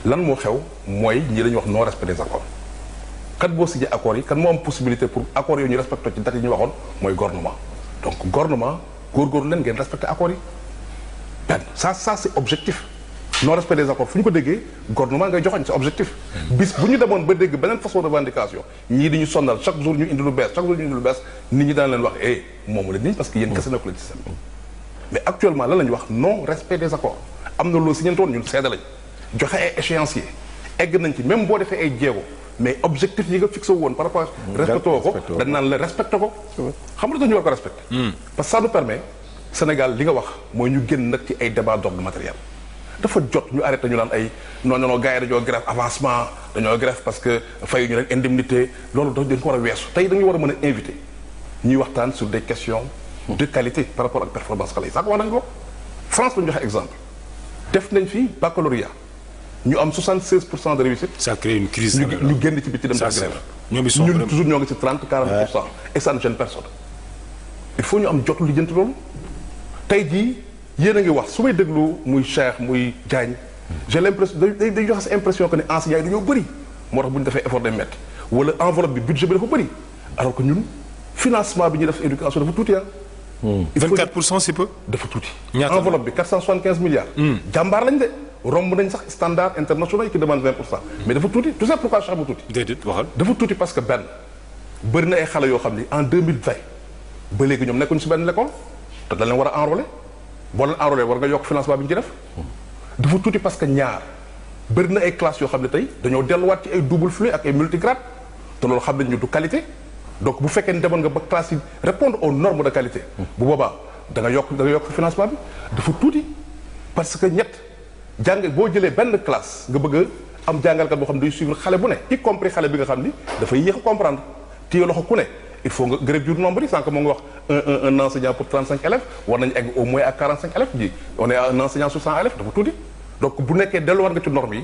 lan moo xew mooy ñi dañuy wax non respect des accords. kat boo signé accords yi kan moo am possibilité pour accords yooyu ñu respecté ci date yi ñu waxoon mooy gouvernement donc góorgóorlu leen ngeen respecté accords yi benn ça ça c'est objectif non respect des accords fu ñu ko déggee gouvernement ngay joxoñ c'est objectif bis bu ñu demoon ba dégg beneen façon revendication ñii di ñu sonnal chaque jour ñu indi lu bees chaque jour ñu indi lu bees nit ñi daan leen wax eh moomu la nit parce que yéen kese nekku leen ci seen mais actuellement lan la ñu wax non respect des accords am na loo signantoon ñun seede lañ joxe ay échéancier egg nañ ci même boo defee ay jéego mais objectif yi nga fixé woon par rapport mm. respecté woo ko dañ naan la respecté ko xam nga tax ñu war ko respecté mm. parce que ça nous li nga wax mooy ñu génn nag ci ay débat d'ordre matériel dafa jot ñu arrêté ñu naan ay non non non gars yi dañoo avancement dañoo grève parce que fayu ñu rek indemnité loolu dañ ko war weesu tey dañu war a mën a invité ñuy waxtaan sur des questions de qualité par rapport ak performance xale yi sax wax nañ ko France la ñu exemple def nañ fi baccalauréat ñu am 76 pour cent de réussite. ça crée une crise. ñu génn ci biti dem. ça grève ñoom ils sont ñun ci 30 il faut ñu am jotu li jënt loolu. tey jii yéen a ngi wax su may déglu muy Cheikh muy Diagne. j'ai l'impression dañuy dañuy joxe impression que ne enseignants yi moo tax bu ñu defee effort day métti wala enveloppe bi budget bi dafa bëri alors que ñun financement bi ñuy def éducation dafa tuuti ah. Hmm. il faut 24 pour cent c'est peu. dafa tuuti. ñaata enveloppe bi milliards. Hmm. jàmbaar lañ de. romb nañ sax standard internationaux yi qui demande 20 pour cent mais dafa tuuti tout ça pourquoi sax mu tuuti. déedéet waxal dafa tuuti parce que benn bëri na ay xale yoo xam ni en de 2020 ba léegi ñoom nekkuñu si benn l'école te dañ war a enrôler boo leen enrôler war nga yokk financement bi ñu ci def dafa tuuti parce que ñaar bëri na ay classes yoo xam ne tey dañoo delluwaat ci ay double flux ak ay multigrade te loolu xam nañ ñu du qualité donc bu fekkee ne demoon nga ba classe yi répondre de qualité bu boobaa da yokk da nga financement tuuti parce que ñett jàng boo jëlee benn classe nga bëgg a am jàngalkat boo xam ne day suivre xale bu ne y compris xale bi nga xam ni dafay yéex a comprendre téye loxo ku ne il faut nga grève du nombre yi sànq moo ngi wax un un enseignant pour 35 élèves war nañu egg au moins à 45 élèves ji on est à un enseignant sur élèves dafa tuuti donc bu nekkee delluwaat nga ci norme yi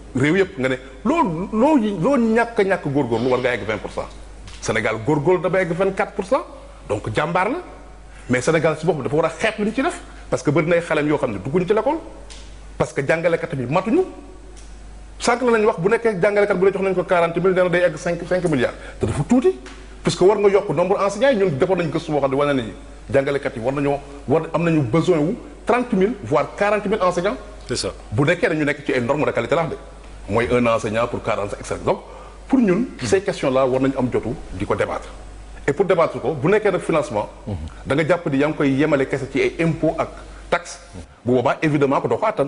réew yëpp nga ne loolu loo loo ñàkk a ñàkk góorgóorlu war nga egg 20 pour cent Sénégal góorgóorlu dafa egg 24 pour cent donc jàmbaar la mais Sénégal si boppam dafa war a xeeb li ci def parce que bëri nay xaleem yoo xam ne dugguñu ci l'école parce que jàngalekat yi matuñu sànq la nañ wax bu nekkee jàngalekat bu dee jox nañ ko 40 mille nee na day egg 5 5 milliards te dafa tuuti puisque war nga yokk nañu nekk ci ay normes de qualité la de mooy un enseignant pour quarante cinq donc pour ñun hmm. ces questions là war nañu am jotu di ko débattre et pour débattre ko bu nekkee nag financement hmm. danga nga jàpp di yaa ngi koy yemale kese ci ay impôt ak taxe hmm. boobaa évidemment ko doo ko attan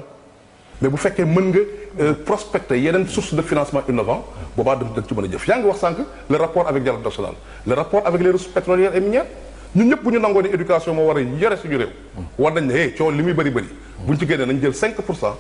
mais bu fekkee mën nga euh, prospecter yeneen source de financement innovant boobaa da nga ci mën a jëf yaa ngi wax sànq le rapport avec dialogue national le rapport avec les ressources pétrolières et minières ñun ñëpp bu ñu nangoo ne moo war a nañ ne li muy bëri bëri buñ ci génnee nañ jël 5 pour cent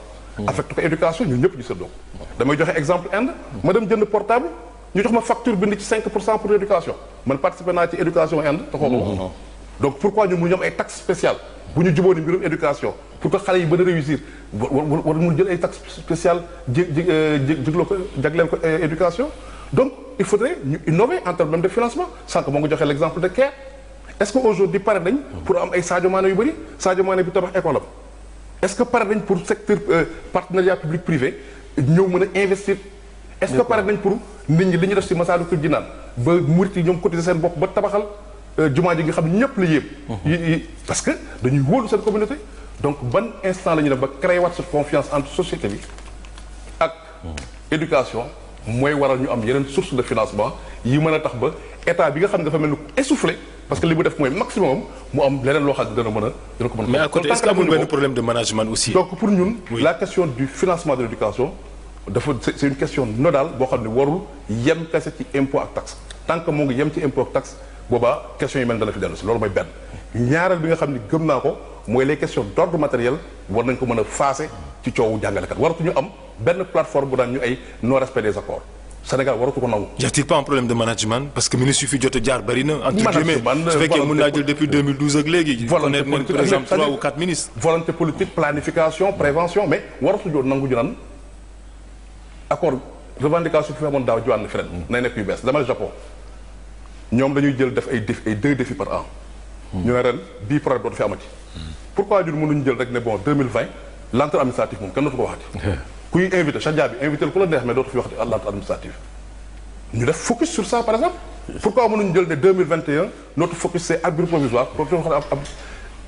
affecté ko éducation ñun ñëpp ñu seddoo damay joxe exemple Inde ma dem jënd portable ñu jox ma facture bind ci 5 pour cent pour éducation man participé naa ci éducation Inde te xooma wax uh-huh. donc pourquoi ñun mu ñu am ay taxe spéciale bu ñu jubóoni mbirum éducation pour que xale yi mën a réussir war mun jël ay taxe spéciale ji euh, ko jagleel ko euh, éducation donc il faudrait ñu innover en termes de financement sànq moo ngi joxe l'exemple de CARE est-ce que aujourd'hui pare nañ pour ay Sadio Mané yu bëri bi tabax école am est-ce que pare nañ pour secteur euh, partenariat public privé ñëw mën a investir. est-ce que pare nañ pour nit ñi li ñu def si Masaalikul naan ba murit yi ñoom cotiser seen bopp ba tabaxal euh, jumaa ji nga xam ne ñëpp la yéem. Mhm. yi parce que dañuy wóolu seen communauté. donc ban instant la ñu def ba créer waat cette confiance entre société bi ak. Mhm. éducation mooy waral ñu am yeneen source de financement. yi mën a tax ba état bi nga xam ne dafa mel ni essoufflé parce que li mu def mooy maximum mu am leneen loo xam ne dana mën a dana ko mën a. mais à côté est-ce que amul benn pour ñun la question du financement de l'éducation dafa c'est une question nodale boo xam ne warul yem kese ci impôt ak taxe tant que moo ngi yem ci impôt ak taxe boobaa question yi mel dana fi dellu loolu mooy benn ñaareel bi nga xam ni gëm naa ko mooy les questions d'ordre matériel war nañ ko mën a faase ci coowu jàngalekat waratuñu am benn plateforme bu daan ñu ay non respect des Sénégal waratu ko nangu. y il pas un problème de management parce que ministre yu fi jot a jaar bëri na. entre guillemets su fekkee mën naa jël depuis 2012 ak léegi. volonté politique par exemple 3 ou 4 ministres. volonté politique planification prévention mais waratu joo nangu ñu accord revendication fi amoon daaw jiwaan na fi nekk yu bees dama Japon ñoom dañuy jël def ay défi ay deux défis par an. Hmm. ñu ne ren bii projet dootu fi amati. Hmm. pourquoi ñun mënuñ jël rek ne bon 2020 lenteur administrative moom kenn dootu ko waxati. ku ñuy invité chadia bi invité ku la neex mais dootu fi waxati àllante administrative ñu def focus sur ça par exemple pourquoi mënuñu jël ne 2021 notre focus c'est abri provisoire provision xam ne am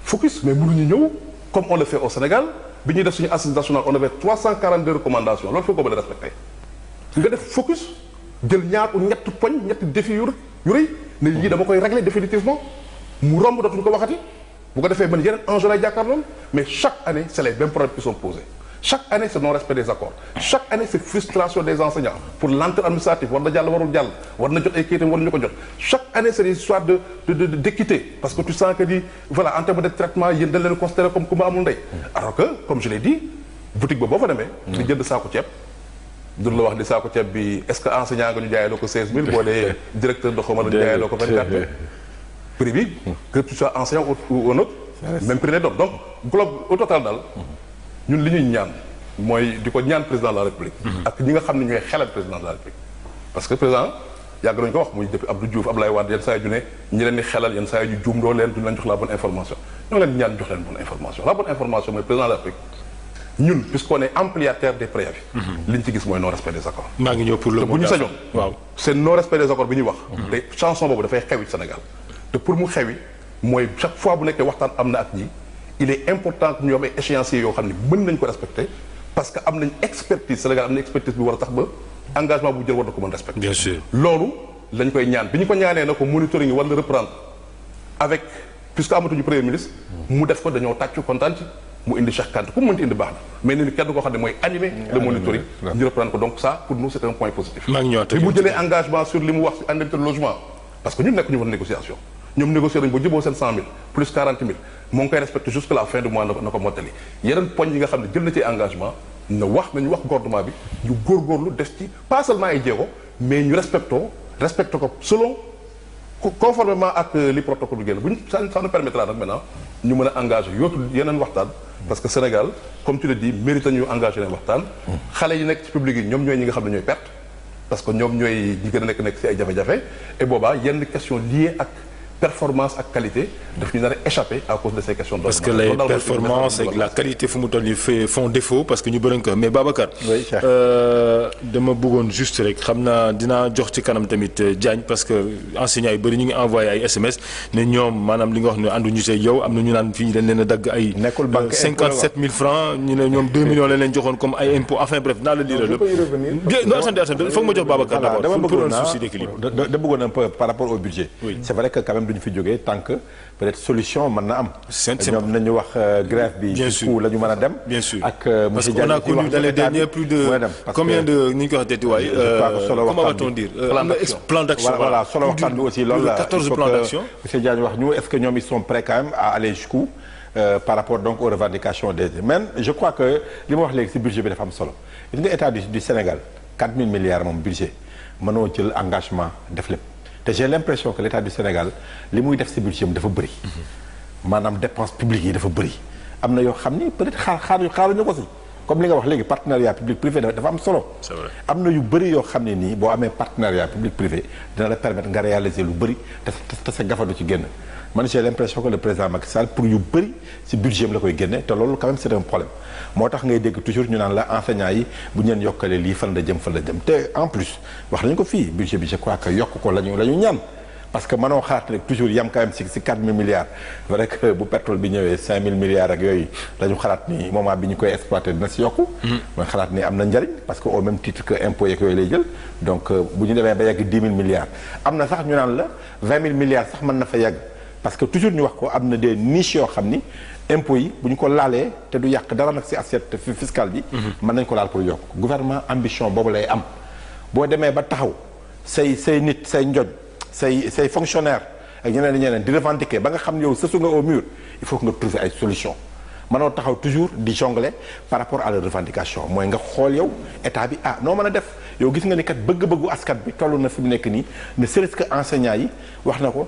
focus mais mënuñu ñëw comme on le fait au Sénégal bi ñuy def suñu assise nationale on avait 342 recommandations loolu foog ko mën a respecté nga def focus jël ñaar ou ñett poñ ñetti défi yu rëy ne yii dama koy régler définitivement mu romb dootuñu ko waxati bu ko defee man yeneen enjeu lay jàkkaarloon mais chaque année c'est non respect des accords chaque année c'est frustration des enseignants pour lenteur administrative war na jàll warul jàll war na jot ay kayitam war ñu ko jot chaque année c'est des de de parce que tu sens que voilà en de traitement yéen dañ leen comme amul ndey alors comme je l'ai dit boutique ba boo fa demee di jënd saako ceeb du la wax di saako ceeb bi est-ce que enseignant nga ñu jaayaloo ko 16000 boo ñun li ñuy ñaan mooy di ko ñaan président de la république. Mhm. ak ñi nga xam ne ñooy xelal président de la république. parce que président yàgg nañu ko wax muy depuis Abdou Diouf Abdoulaye Wade yenn saa ñu ne ñi leen di xelal yenn saa ñu juumloo leen duñ leen jox la bonne information ñoo leen ñaan jox leen bonne information la bonne information mooy président de la république. ñun puisqu'on est ampliataire des préavis. Mhm. li ñu ci gis mooy non respect ngi ñëw pour le te bu ñu sañoon. waaw c'est non mhm. te pour mu xewi mooy chaque fois bu nekkee waxtaan am na ak ñi il est important que ñu am ay échéanciers yoo xam ne mën nañ ko respecter parce que am nañ expertise Sénégal am na expertise bi war a tax ba engagement bu jël war na ko mën respecter. bien sûr loolu lañ koy ñaan bi ñu ko ñaanee na ko monitoring yi war na reprendre avec puisque amatuñu premier ministre. mu def ko dañoo tàccu kontaan mu indi Cheikh Kanté ku mu indi baax na mais ni kenn koo xam ne mooy animé le monitoring ñu reprendre ko donc ça pour nous c'est un ñoom négocier nañu ba juboo seen 100000 plus 40000 moo ngi koy respecté jusque la fin du mois na ko na ko mottali yeneen poñ yi nga xam ne jël na ci engagement na wax nañu wax gouvernement bi ñu góorgóorlu des ci pas seulement ay jéego mais ñu respectoo respecté ko selon conformément ak euh, li protocole bi génn bu ñu ça nous permettra nag maintenant ñu mën a engagé yootu yeneen waxtaan parce que Sénégal comme tu le dis mérite ñu engagé yeneen xale yi nekk ci ñoom ñooy ñi nga xam ne ñooy perte parce que ñoom ñooy ñi gën a nekk nekk ci ay jafe yenn question liée ak performance ak qualité daf ñu nar a échappé à cause de ces questions. parce fu mu toll nii fait font parce que ñu bëri ko mais Babacar. Euh, dama bëggoon juste rek xam naa dinaa jox ci kanam tamit euh, Diagne parce que enseignants yu bëri ñu ngi envoyé ay SMS ne ñoom maanaam li nga wax ne ànduñu see yow am na ñu naan fii dañ dagg ay. nekkul banque 57 euh, francs ñu ne ñoom 2 millions lañ leen joxoon comme ay impôts enfin bref naa la lire lépp. non attendez attendez ma jox Babacar dama bëggoon un peu par rapport au budget. du ñu fi jógee tant que peut-être solution mën na am. ñoom nañu wax euh, grève bi. bien sûr la ñu mën a dem. bien ak monsieur Diagne parce qu'on a connu dans les derniers plus de. combien solo comment aussi loolu la 14 plans d'action monsieur wax ñu est-ce que ñoom ils sont prêts quand même à aller jusqu'où euh, par rapport donc aux revendications des men je crois que li ma wax léegi si budget bi dafa am solo li nga état du Sénégal 4000 milliards moom budget mënoo jël engagement def lépp te j'ai l'impression que l'état du Sénégal li muy def si budget dafa bëri maanaam dépense publique yi dafa bëri am na yoo xam ni peut-être xaar xaar xaaruñu ko si comme li nga wax léegi partenariat public privé dafa am solo am na yu bëri yoo xam ne nii boo amee partenariat public privé dina la permettre nga réaliser lu bëri te sa gafa du ci génn man j'ai l'impression que le président Macky Sall pour yu bëri ci budget la koy génne te loolu quand même c'est un problème moo tax ngay dégg toujours ñu naan la enseignants yi bu ñu yokkalee lii fan la jëm fan la jëm te en plus wax nañu ko fii budget bi je crois yokk ko la ñu ñaan parce que mënoo xaar rek toujours yam quand même si si 4000 milliards bu pétrole bi ñëwee milliards ak yooyu dañu xalaat ni moment bi ñu koy exploité dina si yokku. Mm-hmm. mooy xalaat am na njariñ que au même titre que impôt yeeg yooyu lay jël. donc euh, bu ñu demee sax ñu naan na fa yegg. parce que toujours ñu wax ko am na des niches yoo xam ni impôts yi bu ñu ko laalee te du yàq dara nag ci assiette fiscale bi. Mhm. mën nañ ko laal pour yokk gouvernement ambition boobu lay am boo demee ba taxaw say say nit say njoj say say fonctionnaire ak ñeneen ñeneen di revendiquer ba nga xam ne yow sësu nga au mur il faut que nga trouver ay solution mënoo taxaw toujours di jongle par rapport à la revendication mooy nga xool yow état bi ah noo mën a def yow gis nga ni kat bëgg-bëggu askan bi toll na fi mu nekk nii ne serait-ce que wax na ko.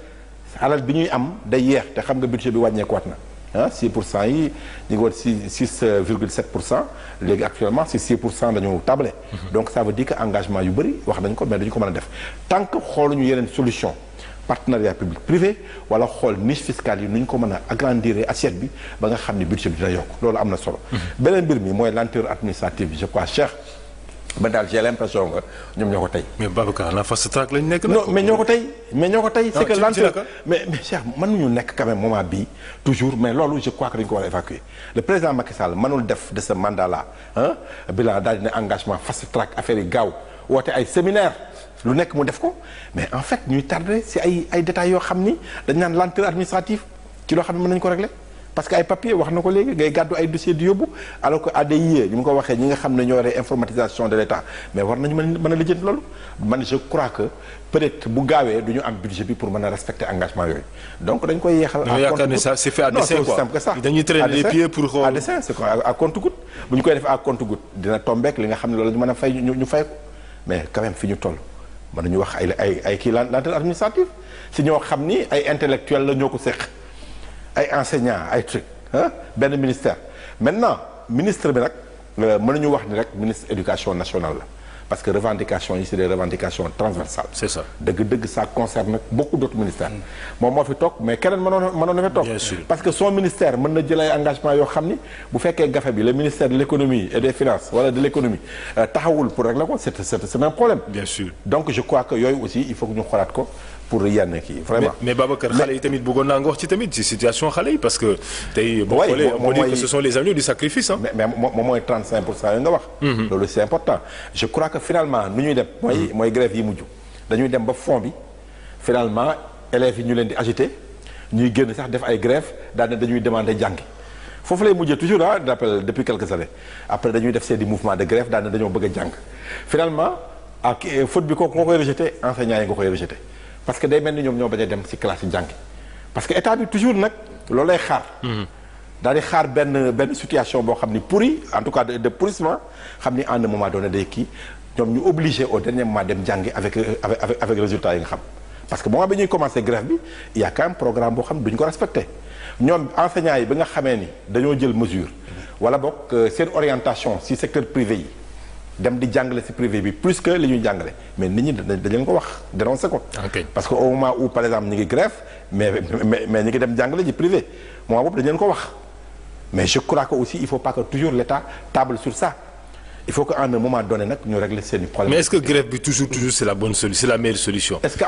alal bi ñuy am day yeex te xam nga budget bi wàññeekuwaat na ah 6 yi ñu ngi woon 6 6 euh, virgule pour cent léegi actuellement si 6 pour cent dañu table mhm. donc ça veut dire que engagement yu bëri wax nañ ko mais dañu ko mën a def tant que xooluñu yeneen solution partenariat public privé wala xool niche fiscale yi nu ñu ko mën a agrandir assiette bi ba nga xam ne budget bi dina yokk loolu am na solo mhm. beneen mbir mi mooy lenteur administrative bi je crois Cheikh ba daal j'ai l'impression que ñoom ñoo ko tey. mais Babacar la fast track lañ nekk. non mais ñoo ko tey mais ñoo ko tey. c'est ah, que lenteur mais mais nekk quand même mais loolu je crois que dañu ko war a évacuer le président Macky Sall mënul def de ce mandat là ah bilan daal dina engagement fast track affaire yi gaaw woote ay séminaire lu nekk mu def ko mais en fait ñuy tardé si ay ay détails yoo xam ni dañ naan lenteur administrative ci loo xam ne mën nañu ko régler. parce que ay papier wax na ko léegi ngay gàddu ay dossier di yóbbu alors que ADIE ñu mu ko waxee ñi nga xam ne ñoo yore informatisation de l'État mais war nañu mën a lijjanti loolu man je crois que peut-être bu gaawee du ñu am budget bi pour mën a respecter engagement yooyu donc dañ koy yeexal. à compte goutte ça c'est fait à dessein bu ñu koy def à compte goutte dina tombeek li nga xam ne loolu ñu a fay ñu ñu fay ko mais quand fi ñu toll mën nañu wax ay ay ay kii l'antenne administrative si ñoo xam ni ay intellectuels la ñoo ko seq ay enseignants ay truc benn ministère maintenant ministre bi nag euh, mënuñu wax ni rek ministre éducation nationale la parce que revendication yi c'est des revendications transversales. c'est ça dëgg-dëgg ça concerne beaucoup d'autres ministères. Mm. moom moo fi toog mais keneen mënoon mënoon na toog. parce que son ministère mën na jël ay engagements yoo xam ni bu fekkee gafe bi le ministère de l'économie et des finances wala de l'économie euh, taxawul pour régler ko c'est c'est c'est un problème. bien sûr donc je crois pour yenn kii vraiment. mais mais Babacar xale yi tamit bëggoon naa nga wax ci tamit ci situation xale yi parce que. tey boo xoolee on dit que ce pour cent yi nga wax. Mhm. loolu c'est important je crois que finalement nu ñuy dem. mooy mhm. mooy yi mujj dañuy dem ba fond finalement élèves yi ñu leen di agité ñuy génn sax def ay grève daal dañuy demande jàngi. foofu lay mujjee toujours ah rappel depuis quelques années après dañuy def seeni mouvement de grève daal dañoo bëgg a jàng finalement ak eh, faute bi kooku nga koy rejeté enseignants yi parce que day mel ni ñoom ñoo bañ a dem ci classe yi jàngi parce que état bi toujours nag loolu lay xaar. Mhm. daal di xaar benn benn situation boo xam ni pourri en tout cas de de pourrissement xam ni à un moment donné day kii ñoom ñu obligé au dernier moment dem jàngi avec avec résultat yi nga xam. parce que moment bi ñuy commencé grève bi il y a quand même programme boo xam ne duñu ko respecté ñoom enseignants yi ba nga xamee ni dañoo jël mesure. wala bokk euh, seen orientation ci secteur privé yi. dem di jàngale ci privé bi plus que li jàngale mais nit ñi dañ leen ko wax dénoncé ko. parce que au moment où par exemple ñu ngi grève mais ñu ngi dem jàngale ji privé moment boobu dañ leen ko wax mais je crois que aussi il faut pas que toujours l'État table sur ça. il faut que en moment donné nag ñu régler seen i problème mais est-ce que grève bi toujours toujours c'est la bonne solution c'est la meilleure solution. est-ce que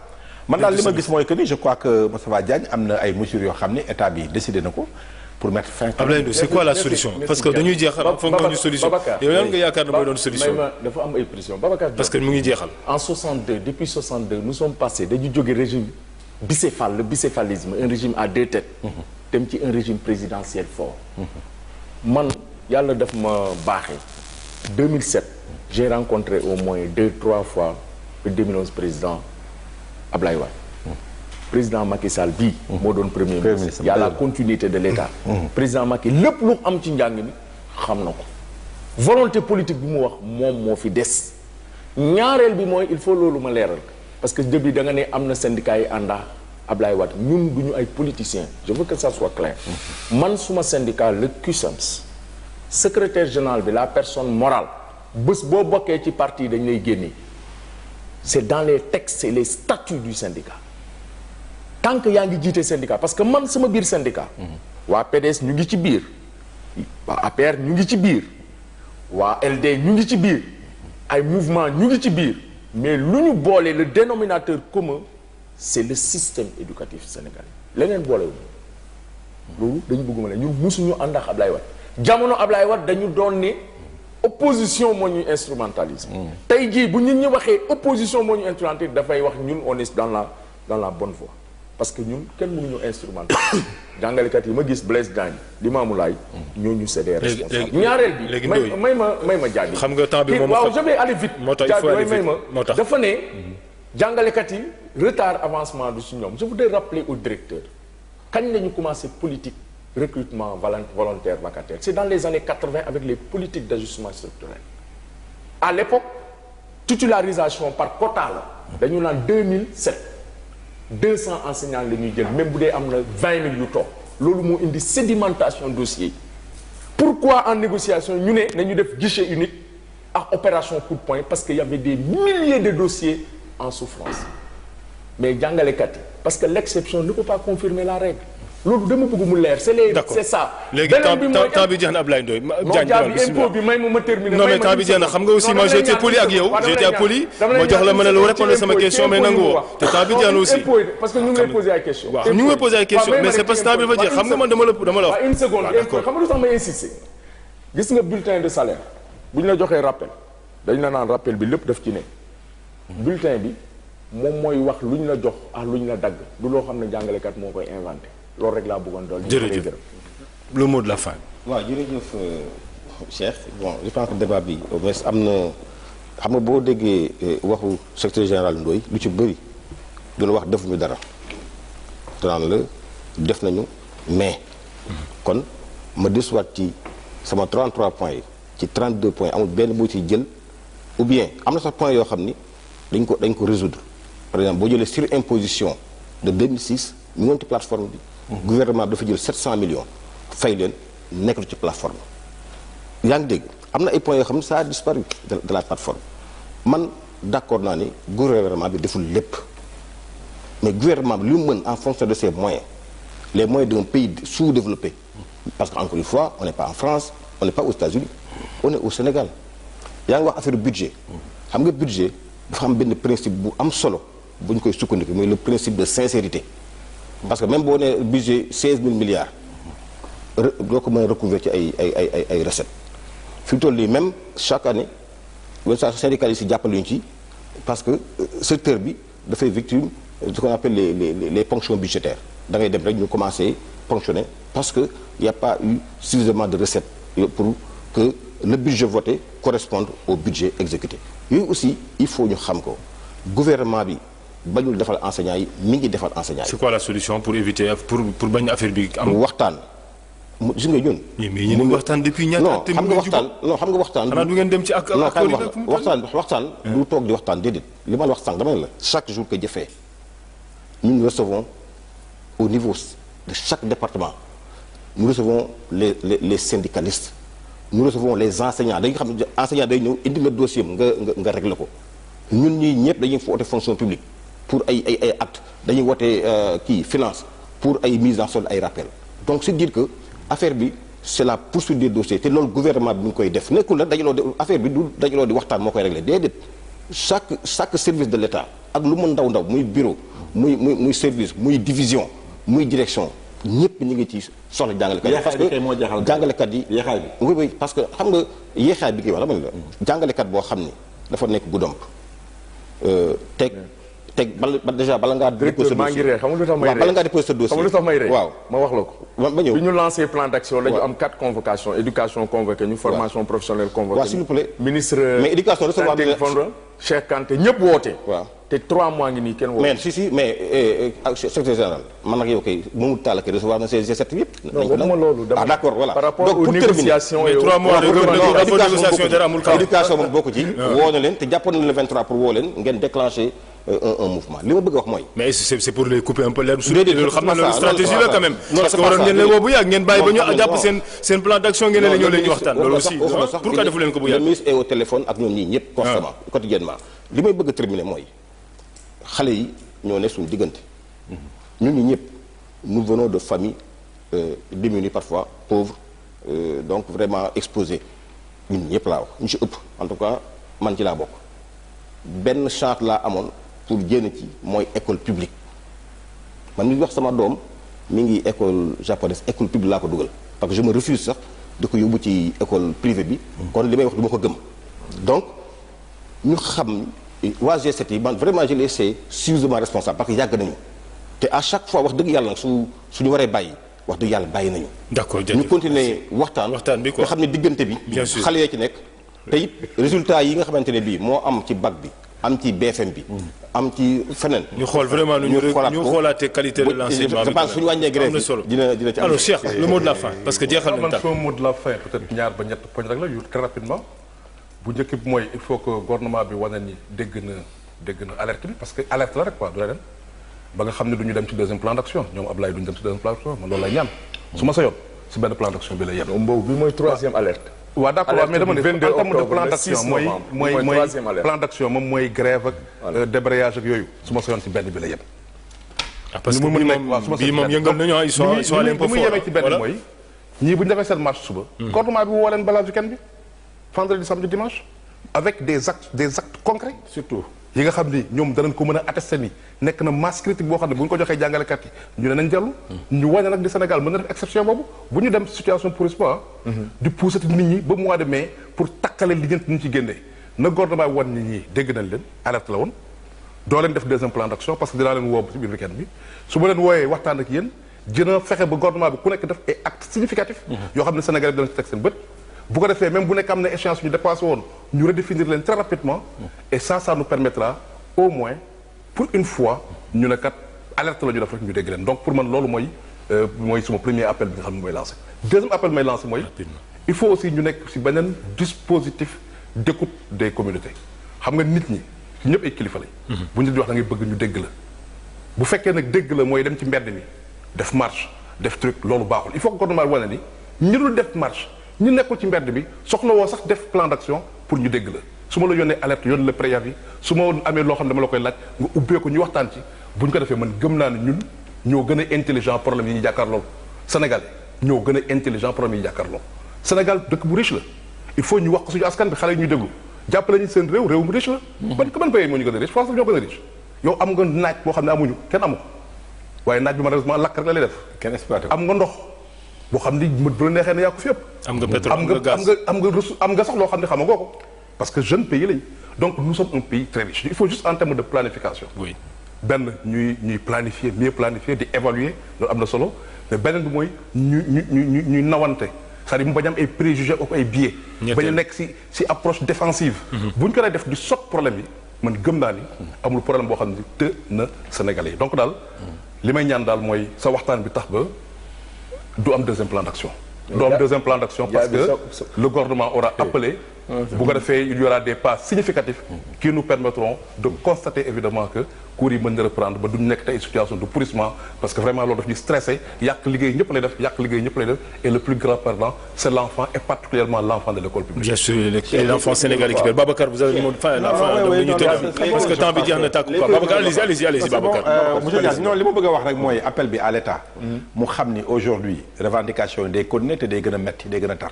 man daal li ma gis mooy que ni je crois que Moustapha Diagne am na ay mesures yoo xam ne état bi décidé na ko pour mettre fin. Abdoulaye parce que dañuy jeexal foog nga ñu solution yow yaakaar ne mooy doon solution. dafa am ay pression Babacar parce que mu ngi jeexal. en 62 depuis 62 nous sommes dañu jóge régime bicéphale le bicéphalisme un régime à deux têtes. Mm-hmm. dem ci un régime présidentiel fort. Mm-hmm. man yàlla daf ma baaxee. 2007 j'ai rencontré au moins deux trois fois le 2011 président. Ablaye Wade président Macky Sall bii. moo doon premier ministre. y a la continuité de l'état mm. Mm. président Macky lépp lu am ci njàng mi xam na ko. volonté politique bi mu wax moom moo fi des ñaareel bi mooy il faut loolu ma leeral parce que début da nga ne am na syndicat yi ànda Ablaye wat ñun du ñu ay politiciens je veux que ça soit clair. Mm. man suma syndicat le CUSEMS e secrétaire général bi la personne morale bés boo bokkee ci parti dañu lay génne. c'est dans les textes et les statuts du syndicat tant yaa ngi jiite syndicat parce que man sama biir syndicat. Mhm. waa PDS ñu ngi ci biir. waa APR ñu ngi ci biir. waa LD ñu ngi ci biir. ay mouvement ñu ngi ci biir. mais lu ñu boole le dénominateur commun c'est le système éducatif sénégalais leneen boolewul. loolu dañu bëgg ma ne ñun musuñu ànd ak lay Wade jamono Ablaye Wade dañu doon ne. opposition moo ñu instrumentalise tey jii bu nit ñu waxee opposition moo ñu instrumentalise dafay wax ñun on est dans la dans la bonne voie parce que ñun kenn mënuñu instrumentalise jàngalekat yi ma gis Blaise Diagne Limamou Laye ñooñu c'est des responsables ñaareel bi may ma may ma jaabi xam nga temps bi moom waaw je vais aller vite jaabi may ma moo tax dafa ne jàngalekat yi retard avancement du si ñoom je voudrais rappeler au directeur kañ la ñu commencé politique recrutement volontaire vacataire. C'est dans les années 80 avec les politiques d'ajustement structurel. À l'époque, titularisation par quota la dañu naan 2007 200 enseignants la ñuy jël même bu dee am na vingt 000 yu toog loolu moo indi sédimentation dossier yi pourquoi en négociation ñu ne nañu def guichet unique ak opération coup de poing parce que y avait des milliers de dossiers en souffrance mais jàngalekat yi parce que l'exception ne peut pas confirmer la règle loolu dama bëgg mu leer c'est léegi temps temps jeex na Ablaye Ndoye. Diagne ma ma terminer. non mais temps jeex na xam nga aussi ma j'étais poli ak yow. j'étais poli ma jox la ma ne la répondre sama question mais nangu woo te temps jeex na aussi. waaw ñu ngi lay ay questions mais c'est parce temps jeex xam nga man dama la dama la wax. une ah, gis nga bulletin de salaire bu ñu la joxee dañ la naan rappel bi lépp daf ci ne bulletin bi moom mooy wax lu ñu la jox ak lu ñu la dagg du loo xam ne jàngalekat moo koy inventé loolu rek laa bëggoon dool jërëjëf le mot de la fin. waa jërëjëf euh, Cheikh bon je pense que débat bi au moins am na xam nga boo déggee euh, waxu secrétaire général ndooy lu ci bëri doon wax defuñu dara danaan def nañu mais kon ma desuwaat ci sama 33 points yi ci 32 points amul benn boo ci jël ou bien am na sax point yoo xam ni dañ ko dañ ko résoudre par exemple boo jëlee imposition de 2006 ñu woon ci plateforme bi gouvernement bi dafa jël 700 millions fay leen nekkul ci plateforme yaa ngi dégg am na ay points yoo xam ne ça a disparu de la plateforme man d'accord naa ni gouvernement bi deful lépp mais gouvernement bi li mu mën en fonction de ses moyens les moyens d'un pays sous-développé parce que encore une fois on n'est pas en France on n'est pas aux États-Unis on est au Sénégal yaa ngi wax affaire budget xam nga budget dafa am benn principe bu am solo bu ñu koy sukkandiku mooy le principe de sincérité parce que même boo nee budget 16000 milliards doo ko mën a recouvrir ay ay ay ay ay recettes fi mu toll nii même chaque année wala syndicats yi si jàppale ñu ci parce que euh, secteur bi dafay victime de ce qu'on appelle les les les ponctions da ngay dem rek ñu commencé ponctionner parce que y a pas eu suffisamment de recettes pour que le budget voté corresponde au budget exécuté yooyu aussi il faut ñu xam ko gouvernement bi. bañul defal enseignants yi mi ngi defal enseignants yi. c'est quoi la solution pour éviter pour pour bañ affaire bi am. waxtaan mu gis nga ñun. waxtaan depuis ñaata at. te non xam nga waxtaan non xam nga waxtaan. xanaa du ngeen dem ci ak ak waxtaan waxtaan du eh. toog di waxtaan déedéet li ma la wax sànq dama ne la chaque jour que jëfee ñun nous recevons au niveau de chaque département nous recevons les les les syndicalistes nous les enseignants dañuy xam ne enseignants day ñëw indi la dossier am nga nga nga réglé ko ñun ñii ñëpp dañuy foote fonction publique. pour ay ay ay at dañuy wote euh, kii finance pour ay mise en solde ay rappel donc c'est dire que affaire bi c'est la poursuite des dossiers te loolu gouvernement bi mu koy def nekkul la dajaloo di affaire bi du dajaloo di waxtaan moo koy régler déedéet chaque chaque service de l'État ak lu mu ndaw ndaw muy bureau muy muy muy service muy division muy direction ñëpp ñu ngi ci soxla jàngalekat yi parce que jàngalekat yi yeexaay parce que xam nga yeexaay bi koy wax la man la jàngalekat boo xam ni dafa nekk guddomp euh, teg teg may bala ngaa déposé sa dossier. waaw ma wax la ko. ma ñëw bi ñu lancé plan d' action. am quatre convocations éducation convoqué ñu. formation professionnelle convoqué. waaw s'il vous mais éducation recevoir Cheikh woote. te trois mois ngi nii kenn woo. mais si si mais eh, eh, secrétaire général man ak yow kay Mamadou Talla kay recevoir na ses G7 yëpp. non loolu ah d' accord donc pour terminer mais trois mois éducation ci. woo te jàppoon na le 23 pour woo leen ngeen déclenché. Euh, mouvement li ma bëgg wax mooy. mais c'est c'est pour les le pied loolu xam naa ngeen bàyyi ba ñu jàpp seen plan d'action ngeen ne ñoo waxtaan. loolu aussi pourquoi defu leen ko bu xale yi ñoo ne suñu diggante ñu ñi ñëpp nous venons de familles euh, démunies parfois pauvres euh, donc vraiment exposé ñun ñëpp laa wax ñu si ëpp en tout cas man ci laa bokk benn chance laa amoon pour génn ci mooy école publique man mi wax sama doom mu ngi école japonaise école publique laa ko dugal parce que je me refuse sax di ko yóbbu ci école privée bi mm. kon li may wax du ko gëm donc ñu xam waa G7 yi man vraiment je les sais suffisamment responsable parce que yàgg nañu te à chaque fois wax dëgg yàlla nag su ñu waree bàyyi wax dëgg yàlla bàyyi nañu. d'accord jërëjëf ñu continuer waxtaan. waxtaan xam ne diggante bi. bien sûr xale yee ci nekk. te it résultat yi nga xamante ne bii moo am ci bac bi am ci BFM bi. am ci feneen. ñu xool vraiment ñu ñu qualité de l'enseignement bi bi dina dina ci am. alors Cheikh le de la fin parce que jeexal nañu taal. poñ rek la bu njëkk bi mooy il faut que gouvernement bi wane ni dégg na dégg na alerte bi parce que alerte la rek quoi du leneen ba nga xam ne du dem ci deuxième d' action d' action yem. boobu bi moom mooy grève ak euh, débrayage ak yooyu su ma sa yoon si benn bi lay yem. Ah, parce que bii moom yëngal nañu ah ils sont ils sont allés un peu fort ñii bu ñu seen marche suba. Hmm. coordonnement bi woo leen balaa weekend bi vendredi samedi dimanche avec des actes des concrets surtout yi nga xam ni ñoom danañ ko mën a attester ni nekk na masse critique boo xam ne bu ñu ko joxee jàngalekat yi ñu ne nañ dellu hmm. ñu wàññi nag di Sénégal mën na def exception boobu bu ñu dem situation pour espoir hmm. di poussati nit ñi ba mois de mai pour takkale li ñent ñu ci génnee na gouvernement wan nit ñi dégg nañ leen alerte la woon doo leen def deuxième plan d'action parce que dinaa leen woo ci biir weekend bi su ma ku nekk def ay actes significatifs hmm. xam ne Sénégal bi dana ci teg seen bu ko defee même bu nekk am na échéance ñu dépassé woon ñu redéfinir leen très rapidement et ça ça nous permettra au moins pour une fois ñu ne kat alerte la ñu def ñu dégg leen donc pour man loolu mooy euh, mooy suma premier appel bi nga xam ne mooy lancé deuxième appel may lancé mooy il faut aussi ñu nekk ci beneen dispositif d'écoute des communautés xam nga nit ñi ñëpp ay kilifa lañ mhm. bu ñu di wax da ngay bëgg ñu dégg la bu fekkee nag dégg la mooy dem ci mbedd mi def marche def truc loolu baaxul il faut que gouvernement wane ni ñu dul def marche ñu nekkul ci mbedd bi soxla woo sax def plan d'action pour ñu dégg la su ma la yónnee alerte yónn la préavis su ma amee loo xam ne dama la ko ñu waxtaan ci bu ñu ko defee man gëm naa ne ñun ñoo gën a intelligent problème ñu jàkkaarloo Sénégal ñoo gën a intelligent problème yi Sénégal dëkk bu riche la il faut ñu wax ko suñu askan bi xale yi ñuy déglu jàppale seen réew réew mu riche la mm-hmm. ban ko ban pays a riche France xam ne amuñu kenn amu ko waaye naaj bi malheureusement lakk rek la lay def am nga ndox boo xam ni bu la neexee ne yaa ko fi yëpp. am nga pétrole am nga gaz am nga am loo xam ne xamagoo ko parce que jeune pays lañ donc nous sommes un pays très benn ñuy ñuy planifier mieux planifier di évaluer am na solo beneen bi mooy ñu ñu ñu ñuy nawante c'est-à-dire mu bañ ay préjugés ak ay biais. bañ a nekk si si approche défensive. Mhm. bu ñu ko dee def di sot problème yi man gëm naa ni. amul problème boo xam ne të na Sénégalais yi donc daal. Mhm. li may ñaan daal mooy sa waxtaan bi tax ba. du am deuxième plan d'action. du am deuxième plan d'action parce que le gouvernement aura appelé. bu ko defee il y aura des pas significatifs qui nous permettront de constater évidemment que cours yi mën reprendre ba duñ nekk tey situation de pourrissement parce que vraiment loolu daf ñu stressé yàq liggéey ñëpp lay def yàq liggéey ñëpp lay def et le plus grand perdant c' est et particulièrement l' de l' école Babacar parce que temps bi jeex na tàkku Babacar allez allez allez Babacar. monsieur mooy appel bi à l' état. mu xam ni aujourd'hui revendication a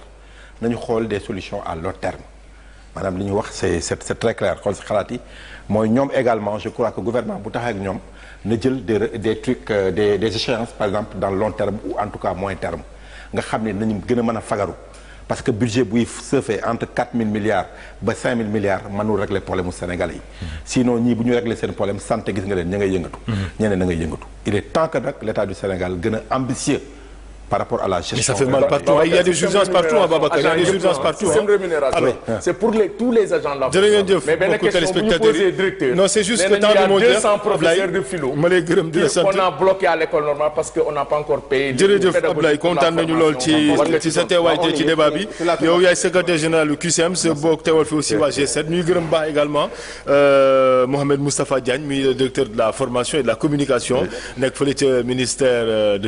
nañu xool des solution à long terme maanaam li ñu wax c'est c'est c'est très clair xool si xalaat mooy ñoom également je crois que gouvernement bu taxee ak ñoom na jël des des trucs euh, des des par exemple dans long terme ou en tout cas moyen terme nga xam ne nañu gën a mën a fagaru parce que budget buy sëfee entre 4000 milliards ba 5000 milliards mënul régler problème mu Sénégalais yi. sinon ñii bu ñu régler seen problème santé gis nga leen ña ngay yëngatu. Mm-hmm. ñeneen na l' état du Sénégal gën a par rapport à la gestion. partout il y a des urgences partout Ababacar il y a des urgences partout. c'est pour les tous les agents de la. jërë ngeen jëf mbokku téléspectateurs yi non c'est juste que temps bi moo jëf Ablaye ma la sant on a bloqué à l'école normale parce que n'a pas encore payé. jërëjëf Ablaye kontaan nañu lool ci ci sa teewaay ci débat bi yow yaay secrétaire général du QCM G7 euh, de la formation de la communication nekk fële ministère euh, de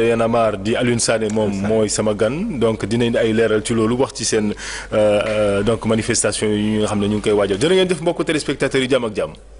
de Y'en a marre di Alioune Sané moom mooy sama gan donc dina indi ay leeral ci loolu wax ci seen euh, euh, donc manifestation yi nga xam ne ñu ngi koy waaja jërë ngeen def mbokku téléspectateurs yi jàmm ak jàmm